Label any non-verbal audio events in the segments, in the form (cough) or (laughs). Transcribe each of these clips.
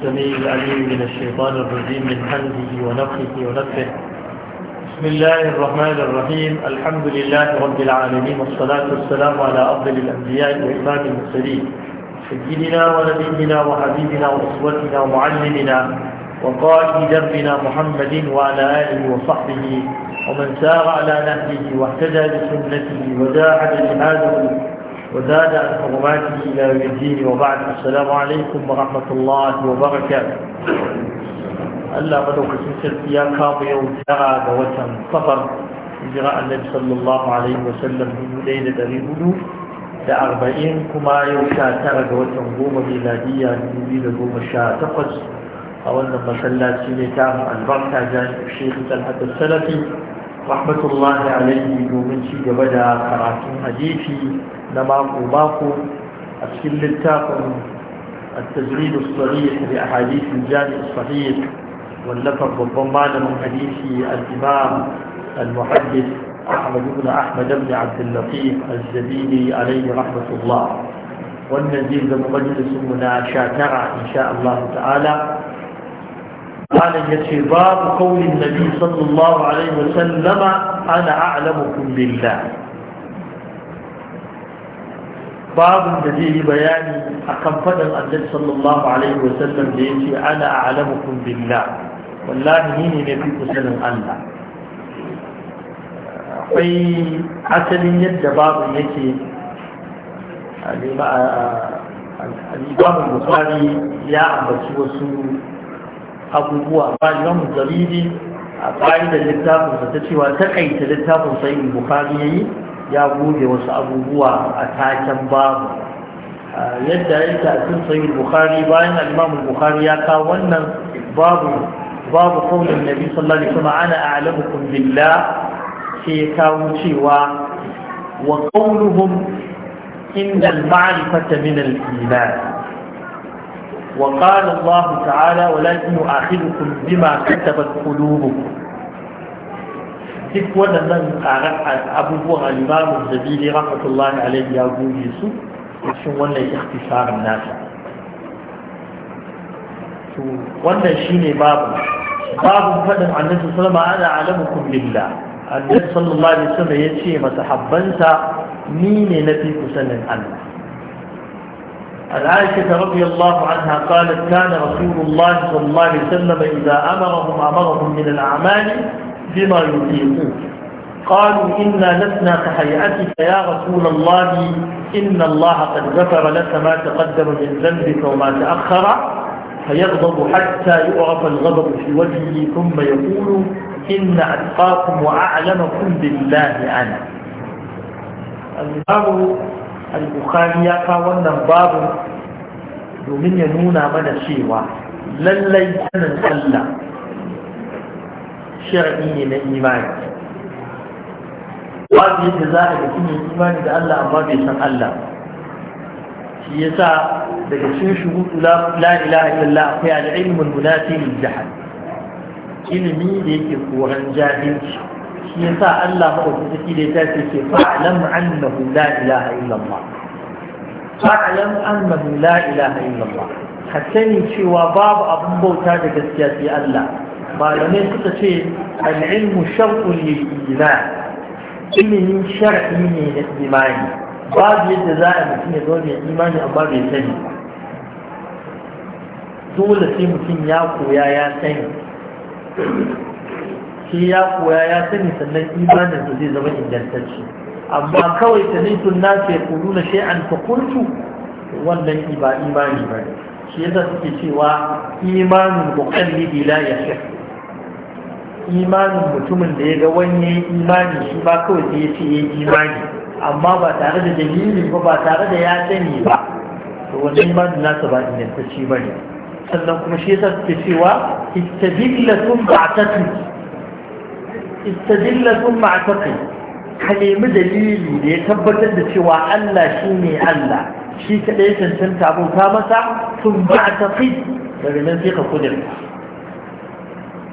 السميع العليم من الشيطان الرجيم من حمده ونفخه ونفخه بسم الله الرحمن الرحيم الحمد لله رب العالمين والصلاة والسلام على أفضل الأنبياء وإمام المرسلين سيدنا ونبينا وحبيبنا وأسوتنا ومعلمنا وقائد دربنا محمد وعلى آله وصحبه ومن سار على نهجه واهتدى بسنته وداعب لهذا وزاد حرماته إلى الدين وبعد السلام عليكم ورحمة الله وبركاته Allah madaukakin sarki ya kawo yau tara ga watan safar hijira annabi sallallahu alaihi wa sallam dubu ɗaya da ɗari hudu da arba'in kuma yau sha tara ga watan goma miladiyya dubu biyu da goma sha takwas a wannan masallaci ne ta mu albarka jami'a shehu talhatar salafi rahmatullahi alaihi domin ci gaba da karatun hadisi نماكو ماكو أسكن التاقم التجريد الصريح لأحاديث الجامع الصحيح واللفظ والضمان من حديث الإمام المحدث أحمد بن أحمد بن عبد اللطيف الزبيدي عليه رحمة الله والنزيل ذا مجلس منا شاكرا إن شاء الله تعالى قال يتي باب قول النبي صلى الله عليه وسلم أنا أعلمكم بالله babin da zai yi bayani akan faɗin annabi sallallahu alaihi wasallam da yace ana a'lamukum billah wallahi ni ne fi kusanin Allah akwai asalin yadda babin yake al-Imam ya ambaci wasu abubuwa ba a Zaridi a ƙa'idar littafinsa ta cewa taƙaita littafin Bukari ya yayi ya goge wasu abubuwa a taken babu yadda yake a cikin sahih bukhari bayan al-imam bukhari ya ka, wannan babu babu qaulin nabi sallallahu alaihi wasallam ana a'lamukum billah ke kawo cewa wa qauluhum inda al-ma'rifata min al-iman وقال الله تعالى ولكن يؤاخذكم بما كتبت قلوبكم duk waɗannan abubuwan alimamun zabili rahmatullahi alaihi ya goge su a cikin wannan ikhtisarin nasa to wannan shine babu babu fadin annabi sallama ana alamukum billah annabi sallallahu alaihi wasallam yace masahabbansa ni ne nafi kusanin Allah العائشة رضي الله عنها قالت كان رسول الله صلى الله عليه وسلم إذا أمرهم أمرهم من الأعمال بما يطيقون قالوا إنا لسنا كهيئتك يا رسول الله إن الله قد غفر لك ما تقدم من ذنبك وما تأخر فيغضب حتى يعرف الغضب في وجهه ثم يقول إن أتقاكم وأعلمكم بالله أنا الباب البخاري يقاونا باب domin ya من mana cewa lallai من Allah sharadi ne na imani babu yadda za a ga kin imani da Allah amma bai san Allah shi ya sa daga cikin shuhudu la ilaha illallah akwai al-ilmu al-munafi lil-jahl ilimi da yake koran jahilci shi ya sa Allah madaukaki da ya tafi ce fa'lam annahu la ilaha illallah fa'lam annahu la ilaha illallah hatta ne cewa babu abun bauta da gaskiya sai Allah malamai suka ce al'ilmu shar'un lil iman ilimin shar'i ne na imani babu yadda za a mutum ya zama mai imani amma bai sani dole sai mutum ya koya ya sani shi ya koya ya sani sannan imanin su zai zama ingantacce amma kawai sanitun nasu ya kuru na shay'an fa kuntu wannan ba imani ba ne shi yasa suke cewa imanin muqallidi la yashih imanin mutumin da ya ga wani ya imani shi ba kawai sai ya ce ya imani amma ba tare da dalili ba ba tare da ya sani ba to wani imanin nasa ba ingantacce ba ne sannan kuma shi yasa suke cewa sun istadillatun ba'tatu istadillatun ma'taqi ka nemi dalili da ya tabbatar da cewa Allah shi ne Allah shi kaɗai cancanta abota masa sun ba'taqi daga nan sai ka kudurta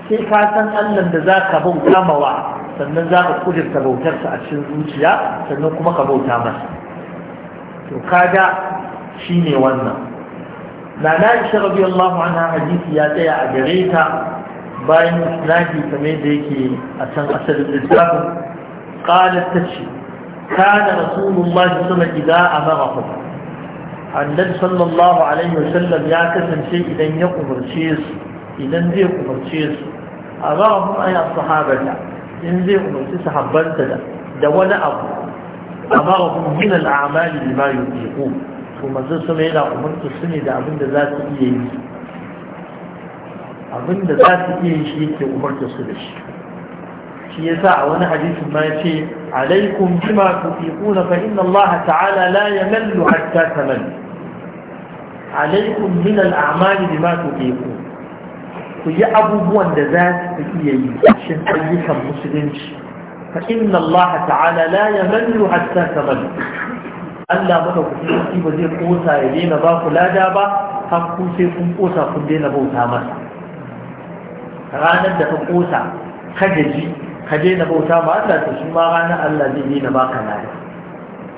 sai ka san Allah da za ka bauta mawa sannan za ka kudurta bautarsa a cikin zuciya sannan kuma ka bauta masa to kaga ne wannan na na isha radiyallahu anha hadisi ya tsaya a gare ta bayan isnadi kamar da yake a can asalin littafin qalat tace kana rasulullahi sama gida a idza amara annabi sallallahu alaihi wasallam ya kasance idan ya umarce su idan zai umarce su أراهم أي الصحابة إن زيغنوا تسحبان تدا دون أبو أمرهم من الأعمال بما يطيقون ثم سلسل إلى أمرت السنة أبن ذات إيه أبن ذات إيه شيء أمرت السنة shi ya وانا حديث ما hadisin عليكم بما تطيقون فإن الله تعالى لا يمل حتى تمل عليكم من الأعمال لما تطيقون ku yi abubuwan da za su iya yi shi ayyukan musulunci fa inna Allah ta'ala la yamallu hatta tamallu Allah maka ku yi ba zai kosa ya dena ba ku lada ba har ku sai kun kosa kun daina bauta masa ranar da ka kosa ka gaji ka daina bauta ma Allah to shi ma ranar Allah zai daina baka lada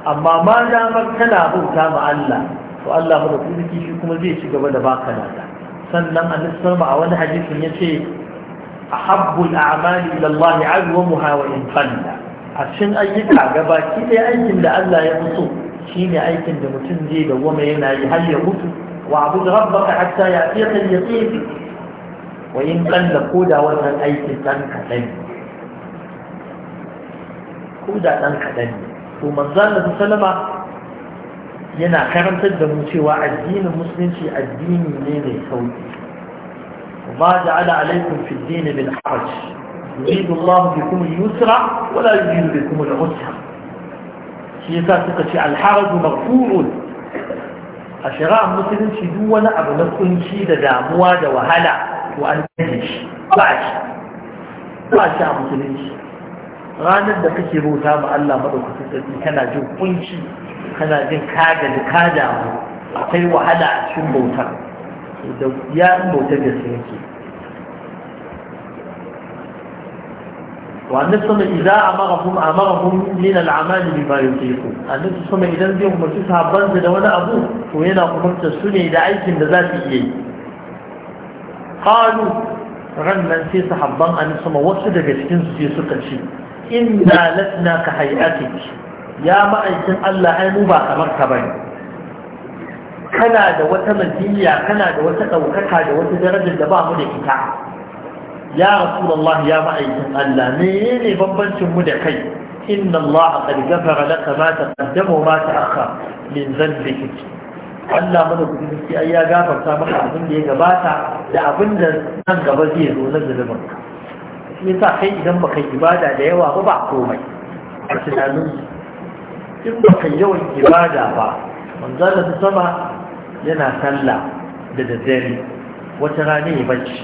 amma ma damar kana bauta ma Allah to Allah maka ku shi kuma zai ci gaba da baka lada sannan a nisar ba a wani hadisin ya ce a habbul a'amali ilallahi arwamuha wa in falla a cikin ayyuka gaba ki ne aikin da Allah ya fi so shine aikin da mutum zai da goma yana yi har ya mutu wa abu da rabbaka hatta ya fiye kan ya wa yin kalla ko da wannan aikin ɗan kaɗan ko da ɗan kaɗan ne to manzan da sallama yana karantar da mu cewa addinin musulunci addini ne mai sauki ba da ala alaikum fi dini bil haraj yuridu Allah bikum kuma yusra wa yuridu bikum al-usra shi yasa suka ce al maghfurun a shari'ar musulunci duk wani abu na kunci da damuwa da wahala to an kace shi ba shi ba shi a musulunci ranar da kake bauta ma Allah madaukakin sarki kana jin kunci kana jin kaga da ka damu akwai wahala a cikin bautar da ya yi bautar da su yake wannan sama idza amarahum amarahum min al-amali bi ma yutiqu annan sama idan zai umarci sahabban da wani abu to yana umarta su ne da aikin da za su iya yi ran nan sai sahabban annan sama wasu daga cikin su sai suka ce inna lasna ka hay'atik ya ma'aikin Allah ai mu ba kamar ka bane kana da wata maziya kana da wata ɗaukaka da wata darajar da ba mu da ita ya rasulullah ya ma'aikin Allah menene bambancin mu da kai inna Allah qad ghafara laka ma taqaddama ma ta'akhkhara min dhanbika Allah mana kudi gaskiya ya gafarta maka abin da ya gabata da abin da nan gaba zai zo na zulumin shi yasa kai idan baka ibada da yawa ba ba komai a tunanin in ba ka yawan ibada ba manzo da sama yana sallah da daddare wata rana ya bacci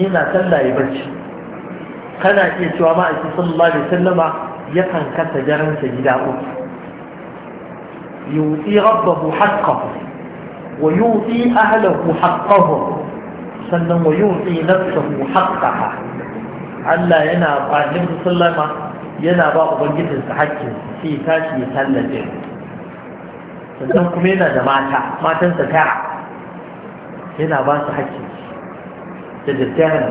yana sallah bacci kana iya cewa ma a sallallahu alaihi sallama yakan kasa jaransa gida uku yuti rabbahu haqqahu wa yuti ahlahu haqqahu sannan wa yuti nafsahu haqqaha Allah yana ba sallallahu sallama yana ba ubangijinsa hakkin sai tashi ya tallafe sannan kuma yana da mata matansa tara yana ba su hakkin da daddaren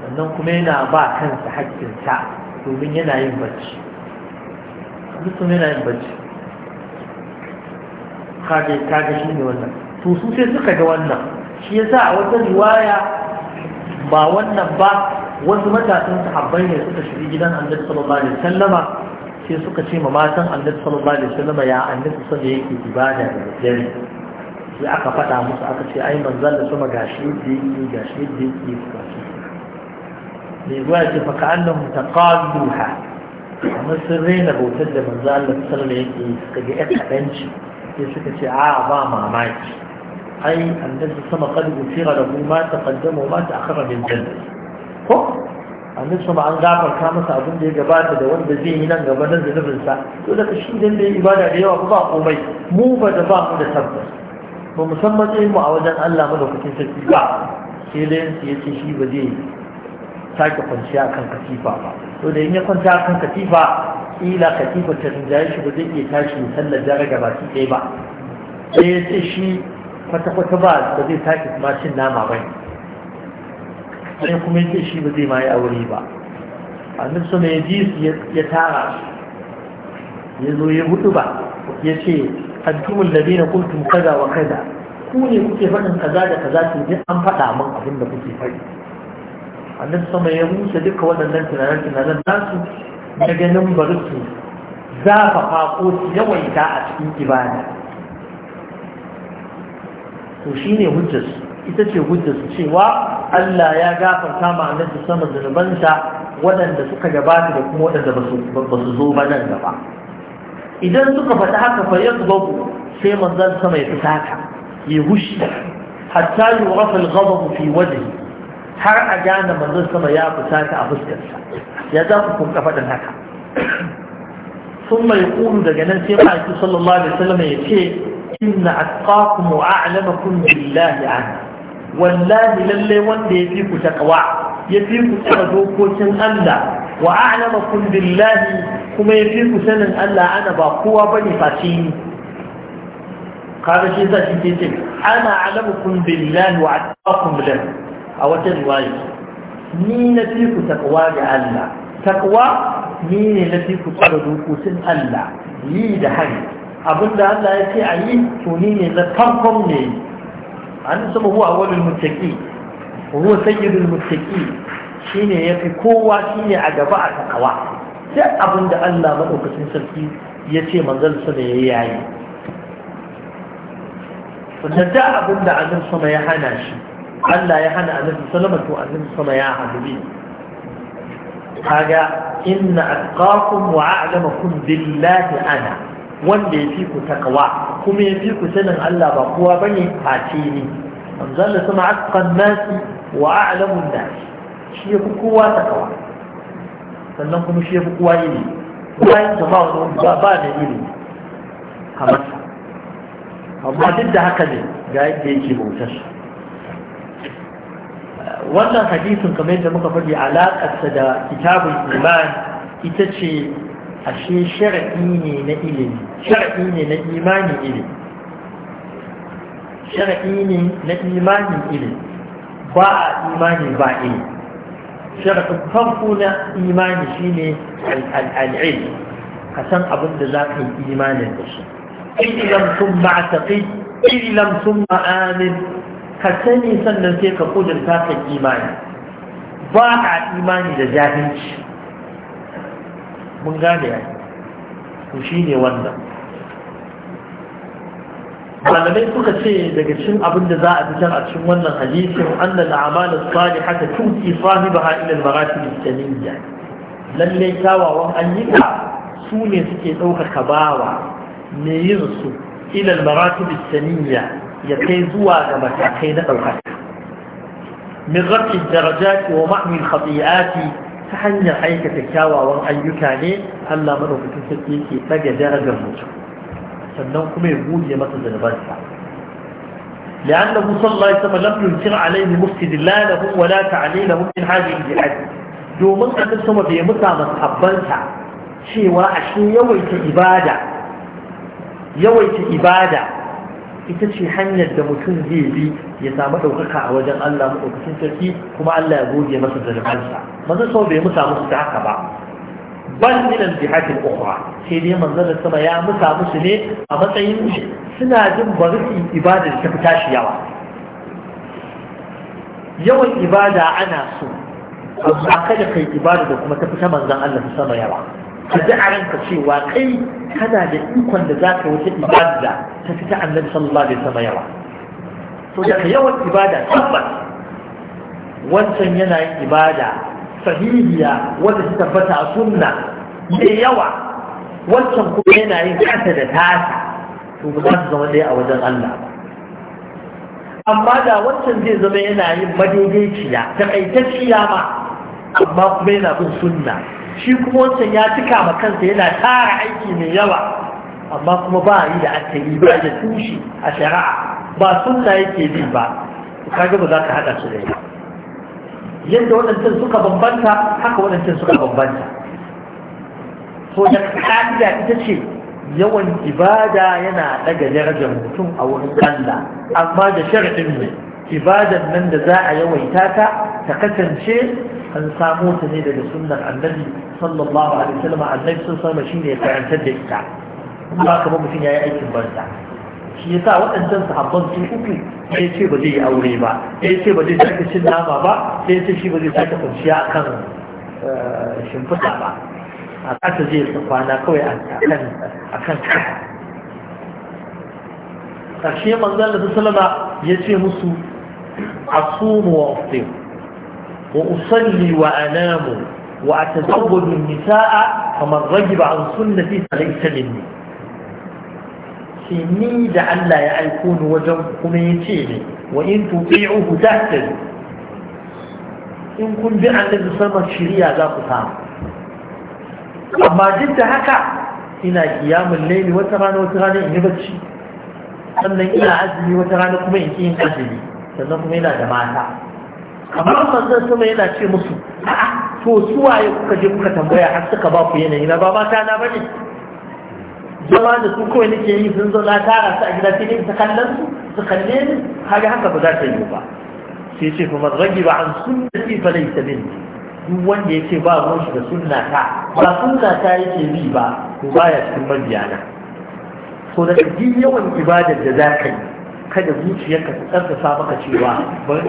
sannan kuma yana ba kansa hakkinsa domin yana yin bacci mutum yana yin bacci kage kage shi ne wannan to su sai suka ga wannan shi yasa a wata riwaya ba wannan ba wasu matasan sahabbai ne suka shiri gidan annabi sallallahu alaihi wasallama sai suka ce ma matan annabi sallallahu alaihi wasallama ya annabi sallallahu yake ibada da dare sai aka faɗa musu aka ce ai manzon da sama gashi yadda yake gashi yadda yake gashi ne zuwa ce fa ka ka'annahu taqadduha amma sun raina bautar da manzo Allah sallallahu alaihi wasallam suka ga yan kadanci sai suka ce a ba mamaki ai annabi sama kadu gufira da ma taqaddama wa ma ta'akhkhara min jannah ko annabi sama an ka masa abin da ya gabata da wanda zai yi nan gaba na zunubinsa to da shi dan da ibada da yawa ba komai mu ba da ba mu da tabbas ba musamman san mu a wajen Allah mu da kuke sarki ba sai dai ya ce shi ba zai sake kwanciya kan katifa ba to da in ya kwanta kan katifa kila katifa ta rinjaye shi ba zai iya tashi sallar dare gaba ki ɗaya ba sai ce shi kwata-kwata ba ba zai sake kuma cin nama ba sai kuma ya ce shi ba zai ma yi aure ba a sama ya ji su ya tara ya zo ya hudu ba ya ce da ladina kuntum kaza wa kaza ku ne kuke faɗin kaza da kaza to duk an faɗa min abin da kuke faɗi annabi sama ya busa duka waɗannan tunanen tunanen nasu na ganin bari su zafafa fako su yawaita a cikin ibada to shine hujjarsu ita ce hujjarsu cewa Allah ya gafarta ma annabi sama zunubansa waɗanda suka gabata da kuma waɗanda ba su zo ba nan gaba idan suka faɗi haka fa yadbabu sai manzon sama ya fita haka ya hushi hatta yurafa al-ghadab fi waje har a gane manzan sama ya fita ta a fuskarsa ya za ku kun faɗin haka daga nan sai سيما صلى الله ya وسلم يتيه إن أتقاكم وأعلمكم بالله عنه wallahi lallai wanda ya fi ku takawa ya fi ku tsara dokokin Allah wa a'lamakum billahi kuma ya fi ku sanin Allah ana ba kowa bane face ni kaga shi za shi ce ana a'lamukum billahi wa atqakum a wata riwaya ni na fi ku takawa ga Allah takwa ni ne na fi ku tsara dokokin Allah yi da hari abinda Allah ya ce a yi to ni ne na farkon ne an sama huwa awalul muttaqi huwa sayyidul muttaqi shine fi kowa shine a gaba a takawa sai abin da Allah madaukakin sarki ya ce manzon sa da yayi yayi sannan duk abin da annabi sama ya hana shi Allah ya hana annabi sallama to annabi sama ya hadubi kaga inna atqakum wa a'lamakum billahi ana wanda ya fi ku takawa kuma ya fi ku sanin Allah ba kowa bane ne face ni manzon da sama asqan nasi wa a'lamun nasi shi ya fi kowa takawa sannan kuma shi ya fi kowa ilimi bayan da ba wani ba ba da iri kamar amma duk da haka ne ga yadda yake bautar wannan hadisin kamar yadda muka faɗi alaƙarsa da kitabun iman ita ce ashe shara'i ne na ilimi shar'i ne na imanin ilimi shar'i ne na imanin ilimi ba a imani ba ilimi shar'in farko na imani shine al'ilmi ka san abin da za ka yi imanin da shi ilam sun ma'ataƙi ilam sun ma'amin ka sani sannan sai ka kudurta ka imani ba a imani da jahilci mun gane ya ku shi ne wannan malamai suka ce daga cikin abin da za a fitar a cikin wannan hadisin annal a'malu salihata tuki sahibaha ila al-maratib al-saniyya lalle kyawawan ayyuka su ne suke ɗaukaka bawa me yin su ila al-maratib ya kai zuwa ga matakai na ɗaukaka min rafi darajati wa ma'mil khati'ati ta hanyar aikata kyawawan ayyuka ne Allah madaukakin sarki ke daga darajar mutum sannan kuma ya goge masa zunubansa لأنه صلى الله عليه وسلم لم ينكر عليه مفسد لا له ولا تعليل له من هذه الجهاد domin a sama bai muta masabbansa cewa a shi yawaita ibada ita ce hanyar da mutum zai bi ya samu ɗaukaka a wajen Allah maɗaukacin sarki kuma Allah ya goge masa zalmansa manzon sama bai musa musu ta haka ba bal minan al-jihatil ukhra sai dai manzon sama ya musa musu ne a matsayin suna jin barci ibada da ta fi tashi yawa yawan ibada ana so amma kada kai ibada da kuma ta fita ta manzon Allah sama yawa ka ji a ranka cewa kai kana da ikon da za ka wuce ibada ta fi ta annabi sallallahu alaihi wasallam yawa to daga yawan ibada tabbas wancan yana yin ibada sahihiya wanda ta tabbata a sunna mai yawa wancan kuma yana yin kanta da tasa to ba za su zama ɗaya a wajen Allah ba amma da wancan zai zama yana yin madaidaiciya takaitacciya ma amma kuma yana bin sunna shi kuma wancan ya cika ma kansa yana tara aiki mai yawa amma kuma ba yi da yi ba da tushe a shari'a ba sunna yake bi ba kaga ba za ka hada su da yawa yadda waɗancan suka bambanta haka waɗancan suka bambanta so da ka'ida ita ce yawan ibada yana ɗaga darajar mutum a wurin Allah amma da shari'in ne ibadan nan da za a yawaita ta ta kasance an samu ta ne daga sunan annabi sallallahu alaihi wasallam annabi sun sama shi ne karantar da ita ba ka kamar mutum ya yi aikin banza shi sa waɗancan sahabban su uku Ya ce ba zai yi aure ba Ya ce ba zai sake cin nama ba Ya ce shi ba zai sake kwanciya a kan eh, shimfiɗa ba a ƙasa zai yi kwana kawai a kan ƙasa ƙarshe manzon da ta sallama ya ce musu أصوم وأفطر وأصلي وأنام وأتزوج النساء فمن رجب عن سنتي فليس مني سيني سني لا يكون وجب قميتين وإن تطيعوه تهتد إن كنت بأن تسمى الشريعة لا تطعم أما جدت هكا إلى قيام الليل وترانا وترانا إن بتشي أما إلى عزمي وترانا قميتين عزمي sannan kuma yana da mata kamar manzon sama yana ce musu a'a to su waye kuka je kuka tambaya har suka ba ku yanayi na ba mata na bane zama da su kawai nake yi sun zo na tara su a gida sai dai su kallon su su kalle ni Haga haka ba za ta yi ba sai ce fa mazragi ba an sunnati fa laysa minni duk wanda ya ce ba ruwan shi da sunna ta ba sunna ta yake bi ba ko baya cikin na to da yawan ibadar da za ka yi kada zuciyarka ta tsarkasa maka cewa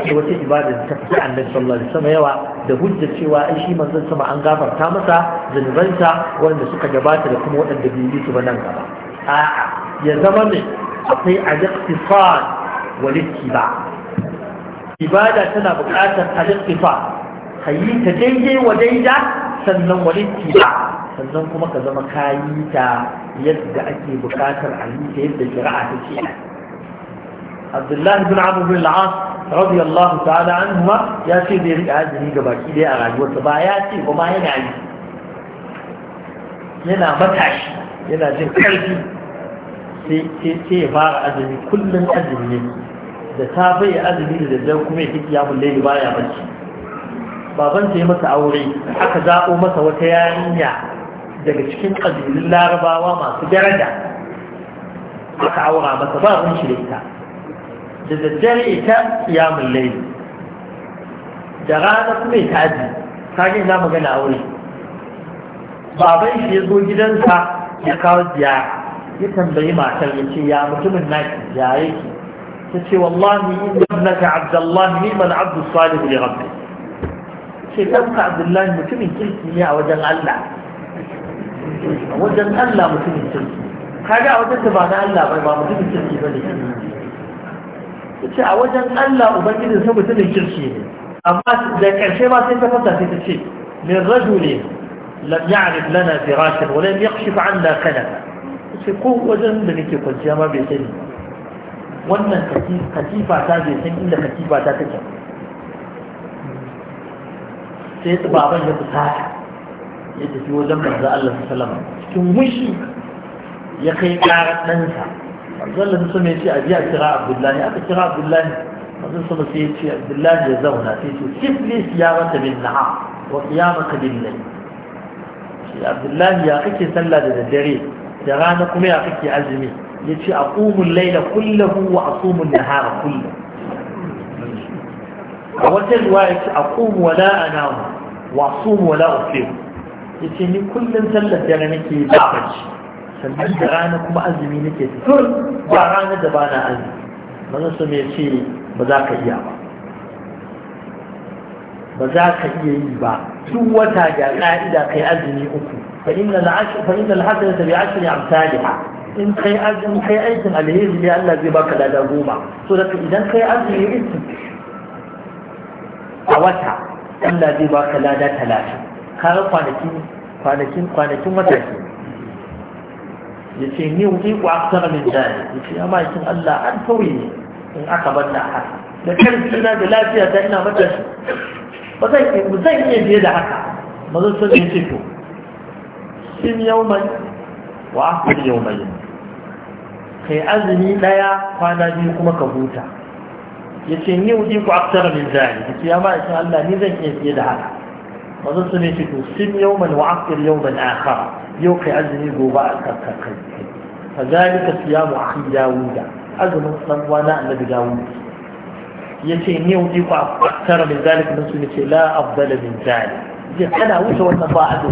ce wata ibada da ta fi annabi sallallahu alaihi wasallam yawa da hujjar cewa ai shi manzon sama an gafarta masa zinubanta wanda suka gabata da kuma waɗanda bai yi su ba nan gaba a'a ya zama ne akwai al-iqtisad wal ittiba ibada tana buƙatar al-iqtifa kayi ta daidai wa daida sannan wal ittiba sannan kuma ka zama kayi ta yadda ake buƙatar a yi ta yadda shari'a take a abdullahi bin abu bin al'as radiyallahu ta'ala anhuma ya ce zai riƙa azumi ga baki ɗaya a rayuwarsa ba ya ce ba ma yana yi yana matashi yana jin ƙarfi sai ya fara azumi kullum azumi da ta bai azumi da daddare kuma ya fi kiyamun laili baya bacci baban sai masa aure aka zaɓo masa wata yarinya daga cikin ƙabilun larabawa masu daraja aka aura masa ba ruwan shi ita da daddare ita kiyamun laili da rana kuma ita aji kage ina magana a wuri baban shi ya zo gidansa ya kawo ziyara ya tambayi matar ya ce ya mutumin naki ya yake ta ce wallahi in ibnaka abdullahi ni man abdu salihu li rabbi ce ɗanka abdullahi mutumin kirki ne a wajen Allah a wajen Allah mutumin kirki kaga a wajen ta ba na Allah ba mutumin kirki ba ne ce a wajen Allah ubangijin sa mutumin kirki ne amma da ƙarshe ma sai ta fasa sai ta ce min rajuli lam ya'rif lana firashan wa lam yakshif 'anna kanaba sai ko wajen da nake kwanciya ma bai sani wannan katifa ta bai san inda katifa ta take sai ta baban ya fusata ya tafi wajen manzo Allah sallallahu alaihi wasallam cikin wishi ya kai karar ɗansa manzon da sun ce a biya kira abdullahi aka kira abdullahi manzon sun sai ce abdullahi ya zauna sai ce sifli siyamata bin naha wa qiyamaka bin layl shi abdullahi ya kake sallah da daddare da rana kuma ya kake azumi yace aqumu al-layla kullahu wa asumu an-nahara kullahu a wata ya ce a aqumu wala a namu, wa wala wa la Ya ce ni kullum sallar dare nake ba bacci sannan da rana kuma azumi nake tur ba ranar da bana azumi manzon su mai ce ba za ka iya ba ba za ka iya yi ba duk wata ga ka'ida kai azumi uku fa inna al'ashr fa inna al-hasanata bi ashri amsalha in kai azumi kai aikin alheri ne Allah zai baka lada goma so da idan kai azumi uku a wata Allah zai baka lada talatin kar kwanakin kwanakin kwanakin wata ke ya ce ni wuƙi ku aksar min dani ya ce ya ma'aikin Allah an kawai ne in aka ban na haka da karfi na da lafiya ta ina mata shi ba zan iya fiye da haka mazan sun yi ce to sin yau mai wa akwai yau mai kai azumi ɗaya kwana biyu kuma ka huta ya ce ni wuƙi ku aksar min dani ya ce ya ma'aikin Allah ni zan iya fiye da haka mazan sun yi ce to sin yau mai wa akwai yau mai akhara يوقع الذنب بعد كالتقل فذلك صيام أخي داود أزم صنوانا النبي داود يتيني وديك أكثر من ذلك من سنة لا أفضل من ذلك أنا وش هو والنفاعة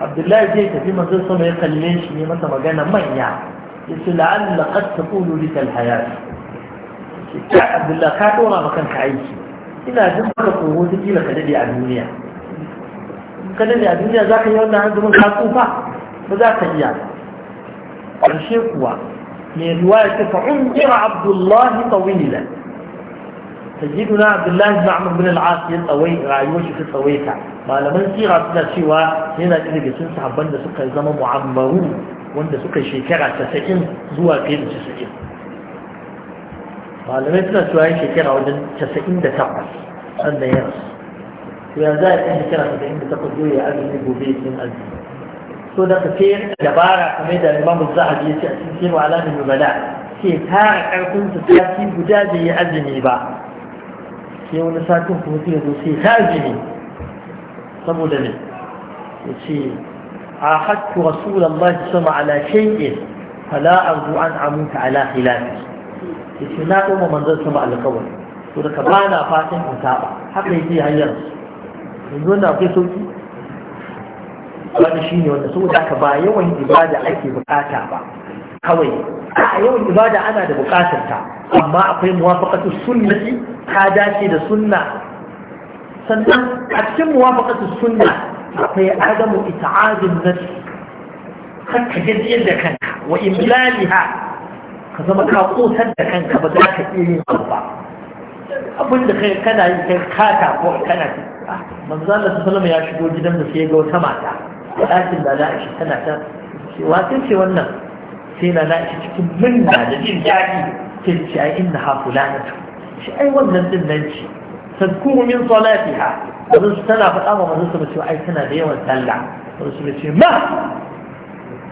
عبد الله جيت في منزل صلى يقللين شيء متى ما قالنا من يعني يقول لعل قد تقول لك الحياة عبد الله كاتورا ما كان كعيش إلا جمعك وهو تجي لك لدي على الدنيا kada ne a duniya za ka yi wannan hanzumin ka tsufa ba za ka iya ƙarshe kuwa mai riwaya ta fa'un jira abdullahi tawila سيدنا عبد الله بن عمرو بن العاص يتوي رايوش ta tsawaita. malaman sira suna cewa yana ɗaya daga cikin sahabban da suka zama mu'ammaru wanda suka shekara casa'in zuwa fiye da casa'in malamai suna cewa ya shekara wajen casa'in da takwas sannan ya rasu to za a ɗan shekara saba'in da takwas yau ya azumi gobe ya cin azumi so da ka ce dabara kamar da imamu zahabi ya ce a cikin wa alamin nubala ke tara karfin su fi guda da ya azumi ba sai wani satin kuma sai zo sai ta azumi saboda ne ya ce a hakku rasulan ba shi sama ala shay'in fala arzu an amuta ala khilafi ya ce na ɗoma manzon sama alkawari to da ka bana fatan in saba haka yake hanyar su yanzu wannan akwai sauki wani shi ne wanda saboda haka ba yawan ibada ake bukata ba kawai a yawan ibada ana da bukatar ta amma akwai muwafaqatu sunnati ka dace da sunna sannan a cikin muwafaqatu sunna akwai adamu ita'adun nafsi kan ka gajiyar da kanka wa imlaliha ka zama ka kotar da kanka ba za ka iya yin abu ba abin da kai kana yi kai kata ko kana manzo Allah sallallahu ya shigo gidan da sai ga wata mata ɗakin da na shi tana ta wace ce wannan sai na na shi cikin minna da jin daɗi sai ce ai inna ha fulanatu shi ai wannan din nan ce tazkuru min salatiha manzo tana faɗa ma manzo sallallahu alaihi ai tana da yawan sallah manzo sallallahu ce ma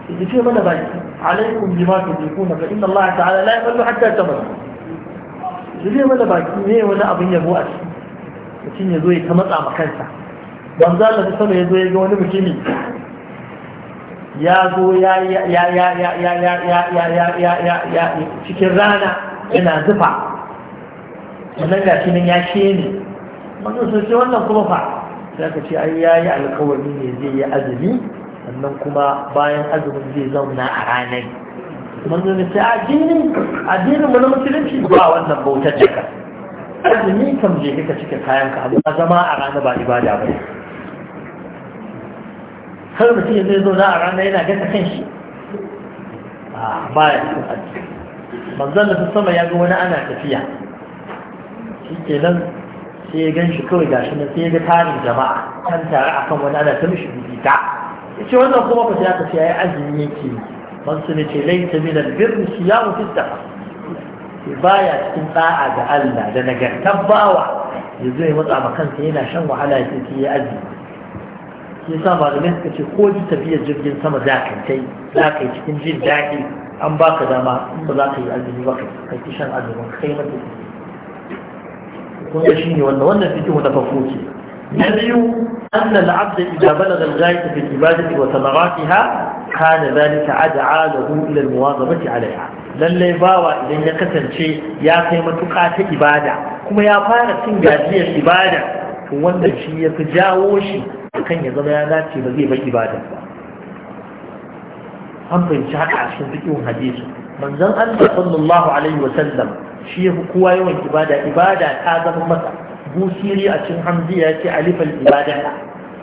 sai ce mana baki alaikum bima tudikuna fa inna Allah ta'ala la yaqulu hatta tamam sai mana baki ne wani abin yabo a cikin mutum ya zo ya ta matsa ma kansa banza da sama ya zo ya ga wani mutumi ya zo ya ya ya ya ya ya ya ya ya ya ya ya cikin rana yana zufa wannan shi nan ya ce ne wannan sosai wannan kuma fa sai ka ce ai yayi alkawari ne zai yi azumi sannan kuma bayan azumin zai zauna a ranar manzo ne sai a jini addinin mu na musulunci ba wannan bautar jaka. azumi kam je ka cika kayan ka amma zama a rana ba ibada ba kar mutum ya zai zauna a rana yana gasa kan shi ba ya cikin azumi manzon da sama ya ga wani ana tafiya shi ke nan sai ya gan shi kawai gashi na sai ya ga tarin jama'a kan tare a kan wani ana ta mishi bibita ya ce wannan kuma ba ta ya tafiya ya azumi yake Ban su ne ce laita min albirni siyamu fi safar baya cikin da'a ga Allah da nagartar bawa ya zo ya matsa kansa yana shan wahala ya ce ya azumi shi yasa malamai suka ce ko ji tafiyar jirgin sama za ka kai za ka yi cikin jin daɗi an baka dama in ba za ka yi azumi ba ka ki shan ka kai mata kun ga shine wannan wannan fikihu na farko ce na biyu أن العبد إذا بلغ الغاية في العبادة وثمراتها kana zalika ad'a lahu ila al-muwazabati alaiha lallai bawa idan ya kasance ya kai matuƙa ta ibada kuma ya fara cin gajiyar ibada to wanda shi ya fi jawo shi kan ya zama ya dace ba zai bar ibada ba an fahimci haka a cikin fiqhin hadisi manzon Allah sallallahu alaihi wa sallam shi ya fi kowa yawan ibada ibada ta zama masa busiri a cikin hamziya ya ce alifal ibada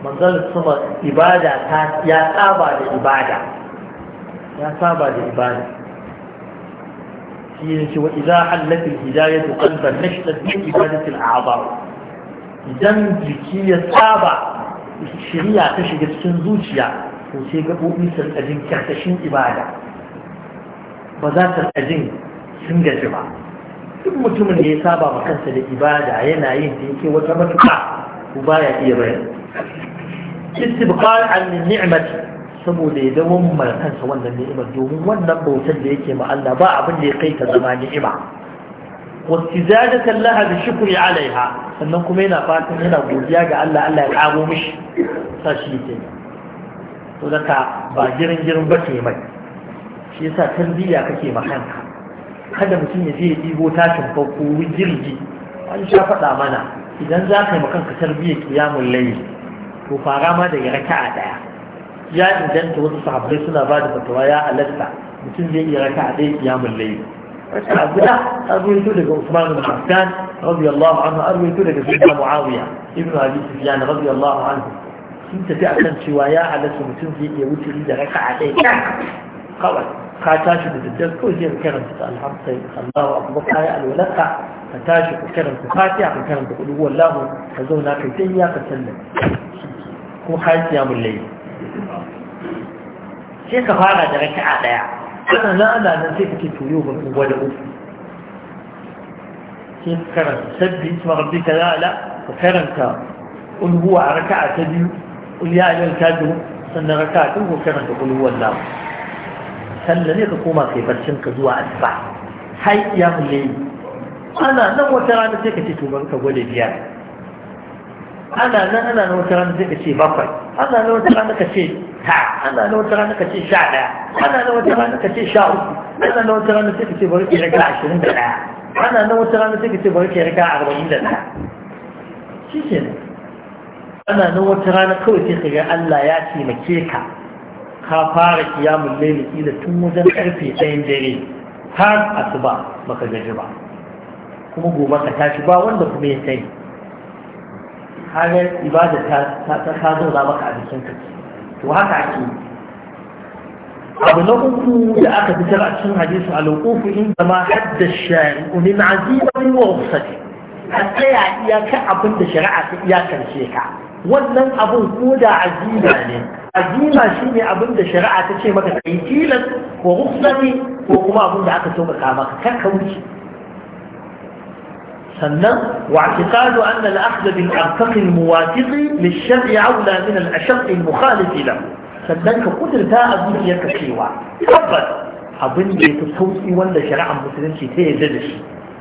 manzon sama ibada ta ya saba da ibada ya saba da ibada shi ne cewa idza hallat al-hidayah qalban nashta bi ibadat al-a'dha idan jiki ya saba shari'a ta shiga cikin zuciya to sai gabobi sun ajin karkashin ibada ba za ta ajin sun gaji ba duk mutumin da ya saba ma kansa da ibada yana yin da yake wata matuƙa ko baya iya bayani istibqal an ni'mati saboda ya zama mun kansa wannan ni'imar domin wannan bautar da yake ma Allah ba abin da ya kai ta zama ni'ima wastizadatan laha bi shukri alaiha sannan kuma yana fatan yana godiya ga Allah Allah ya karo mishi sashi ke to daga ba girin girin ba ke mai shi yasa tarbiyya kake ma kanka kada mutum ya je ya ɗibo tashin farko jirgi an sha faɗa mana idan za ka yi ma kanka tarbiyyar kiyamun layi to fara ma da ya raka'a daya ya inganta wasu sahabbai suna ba da fatawa ya halatta mutum zai iya raka'a daya kiyamun layli raka'a guda an ruwaito daga Usman bin Affan radiyallahu anhu an ruwaito daga Sayyidina Muawiya ibn Abi Sufyan radiyallahu anhu sun tafi akan cewa ya halatta mutum zai iya wuce da raka'a daya kawai ka tashi da daddare kawai zai karanta alhamdulillah Allahu akbar kai alwalaka ka tashi ka karanta fatiha ka karanta kudu wallahu ka zauna kai sai ya ka sallah ko haji siyamun layi shi ka fara da rak'a daya kana na ana nan sai kake tuyo ba ku gode ku shi ka karanta sabbi isma rabbi la la ka karanta ul huwa rak'a ta biyu ul ya yau ta biyu sannan raka'a ta uku karanta ulhuwan lamu sannan ne ka koma kai barcin ka zuwa asuba har siyamun layi ana nan wata rana sai kake tuban ka gode biyar ana nan ana nan wata rana zai ka ce bakwai ana nan wata rana ka ce ta ana nan wata rana ka ce sha ɗaya ana nan wata rana ka ce sha uku ana nan wata rana sai ka ce bari ka rika ashirin da ɗaya ana nan wata rana sai ka ce bari ka rika arba'in da ɗaya shi ke nan ana nan wata rana kawai sai ka ga Allah ya taimake ka ka fara kiyamun laili kila tun wajen karfe ɗayan dare har asuba baka gaji ba kuma gobe ka tashi ba wanda kuma ya sani kaga ibada ta ta maka a jikin ka to haka ake abu na uku da aka fitar a cikin hadisi a lokufu in zama hadda shari'u min azimatin wa rufsati a tsaya iyaka abin da shari'a ta iyakance ka wannan abun ko da azima ne azima shine abin da shari'a ta ce maka kai tilas ko rufsati ko kuma abin da aka sauƙaƙa maka kar ka wuce فهمنا واعتقاد أن الأخذ بالأرتق الموافق للشرع أولى من الأشق المخالف له فهمنا كقدر تاء أبنية كشيوة أبدا أبن يتصوص إيوان لشرع المسلم في تيه ذلك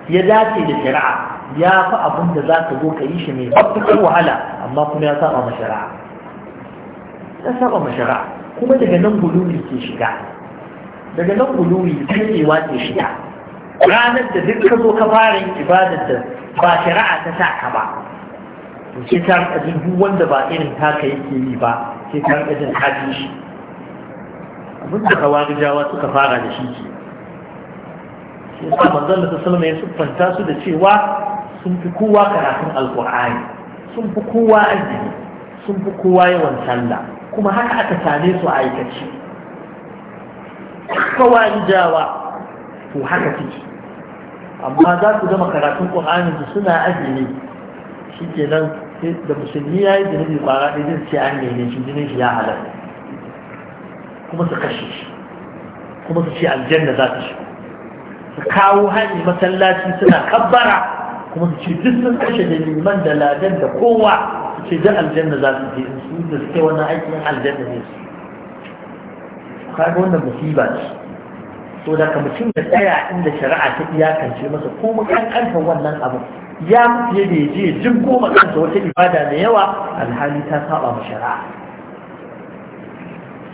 يا ذاتي لشرع يا فأبن ذات تقول كيش من بطك وعلا أما كم يتاقى مشرع يتاقى مشرع كما تجنن قلوبي تشجع تجنن قلوبي تشجع ranar da duk ka zo ka fara yin ibadar da ba shari'a ta sa ka ba to sai ta rika jin duk wanda ba irin taka yake yi ba sai ta rika jin kaji shi abin da kawarijawa suka fara da shi ke shi yasa manzon da sallama ya siffanta su da cewa sun fi kowa karatun alqur'ani sun fi kowa azumi sun fi kowa yawan sallah kuma haka aka same su a aikace kawarijawa to haka suke amma za su gama karatun ƙur'anin su suna ajiye shi ke nan da musulmi ya yi zunubi ƙwara ɗaya zai ce an nene shi jinin shi ya halatta kuma su kashe shi kuma su ce aljanna za ta shigo su kawo hanyar masallaci suna kabbara kuma su ce duk sun kashe da liman da ladan da kowa su ce duk aljanna za su je su da suke wannan aikin aljanna ne su kaga wannan musiba ce to da ka mutum ya tsaya inda shari'a ta iyakance masa ko mu kankantar wannan abu ya mutu ya je jin goma kansa wata ibada da yawa alhali ta saba ma shari'a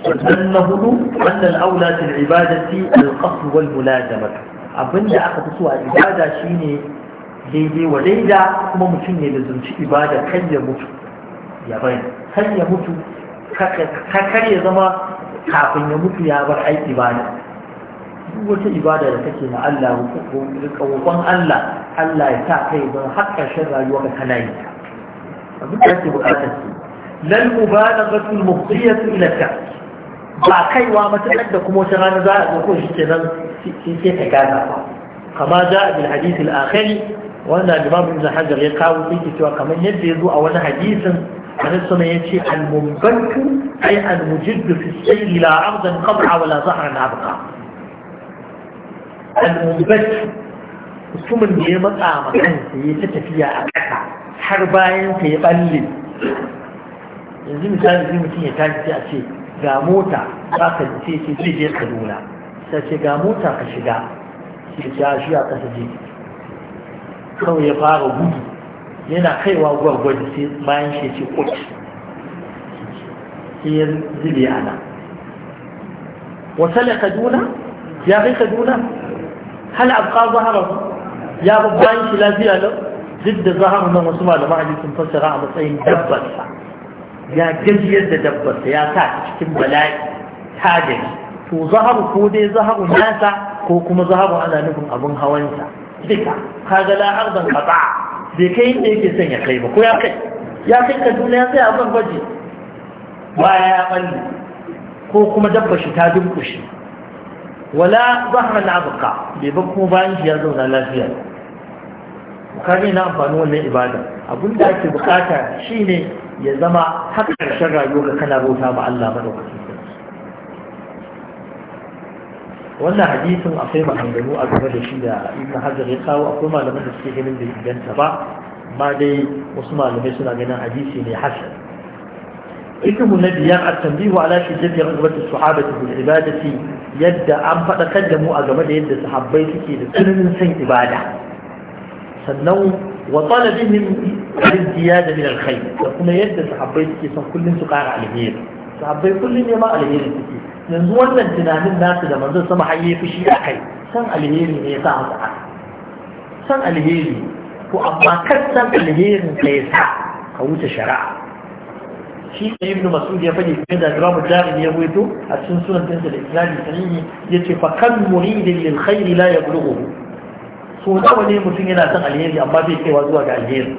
sannan na hudu wannan aula til ibadati alqasd wal mulazama abinda aka fi so a ibada shine daidai wa daida kuma mutum ya lazumci ibada kan ya mutu ya bai kan ya mutu ya zama kafin ya mutu ya bar aiki bana wata ibada da kake na Allah roƙon Allah Allah ya sa kai don har ƙarshen rayuwa ka kana yi abin da yake buƙatar shi lal mubalaghatul muhdiyatu ila ta ba kai wa matakan da kuma wata rana za a zo ko shi kenan shi ke ta gaza ba kama da bil hadith al akhir wanda Imam Ibn Hajar ya kawo shi cewa kamar yadda ya zo a wani hadisin Annabi sunan yace al mumbantu ay al mujid fi sayyi la ardan qab'a wala zahran abqa al'umbatu mutumin da ya matsa ma kansa ya ta tafiya a ƙasa har bayan ka ya balle yanzu misali zai mutum ya tashi a ce ga mota za ka ce ce zai je kaduna sai ce ga mota ka shiga sai ta shi a ƙasa je kawai ya fara gudu yana kaiwa gwargwado sai bayan shi ce kuci sai ya zube ana wasa kaduna ya kai kaduna hal abqa zaharahu ya babban shi lafiya lau duk da zahar nan wasu malama a sun fassara a matsayin dabbarsa ya gajiyar da dabbarsa ya sa cikin bala'i ta gani. to zaharu ko dai zaharu nasa ko kuma zaharu ana nufin abin hawansa duka kaga la ardan qata bai kai inda yake son ya kai ba ko ya kai ya kai Kaduna ya kai a kan baje baya ya balle ko kuma dabba shi ta dunkushe wala zahra na abqa bai ba kuma bayan shi ya zauna lafiya kare na amfani wannan ibada abin da ake bukata shine ya zama har karshen rayuwa kana bauta ma Allah madaukakin wannan hadisin akwai maganganu a game da shi da ibn hajar ya kawo akwai malamai da suke ganin da inganta ba ma dai wasu malamai suna ganin hadisi ne hasan fikihu na biyar a tambihu ala shi jabi rubatu sahabati ibada ibadati yadda an faɗakar da mu a game da yadda sahabbai suke da tsananin san ibada sannan wa talabihim da min alkhair da kuma yadda sahabbai suke son kullum su ƙara alheri sahabbai kullum ne ma alheri suke yanzu wannan tunanin nasu da manzon sama har yayi fushi a kai san alheri ne ya yasa haka san alheri ko amma kan san alherin ka sa ka wuce shari'a shi da ibn masud ya fadi kai da imamu jami'i ya waito a cikin sunan tinsa da islami sahihi yace fa kan muridin lil khairi la yablughu so nawa ne mutum yana son alheri amma bai kaiwa zuwa ga alheri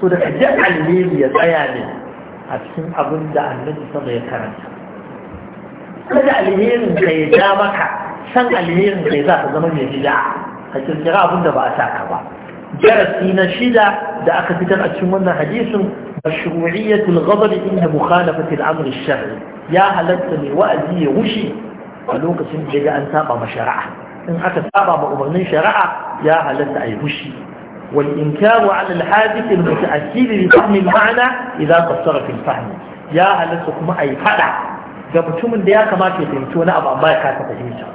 so da kaje alheri ya tsaya ne a cikin abin da annabi sama ya karanta kada alherin ka ya ja maka san alherin ka ya za ka zama mai bid'a ka kirkira abin da ba a saka ba darasi na shida da aka fitar a cikin wannan hadisin مشروعية الغضب إنها مخالفة الأمر الشرعي يا هلتني وأدي غشي ولوك سنجد أن تابع مشارعة إن أكا تابع بأمرني شرعة يا هلت أي غشي والإنكار على الحادث المتأكيد لفهم المعنى إذا قصر في الفهم يا هلت كما أي فدع قبل من ما كما تفهمتون أبا ما يكاك تهيجا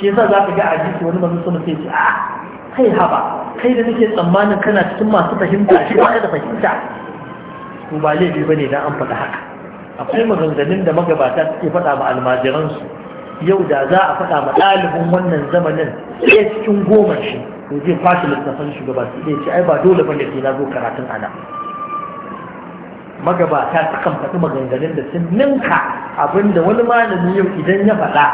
شيء ذا ذاك قاعد جيت ونما نصم تيجي آه هاي هبا هاي لنكي nake tsammanin kana cikin masu fahimta shi to ba laifi bane dan an faɗa haka akwai maganganun da magabata suke faɗa ma almajiransu yau da za a faɗa ma ɗalibin wannan zamanin sai cikin goma shi to zai fashi littafin gaba su ce ai ba dole bane sai na zo karatun ana magabata kan faɗi maganganun da sun ninka abinda wani malami yau idan ya faɗa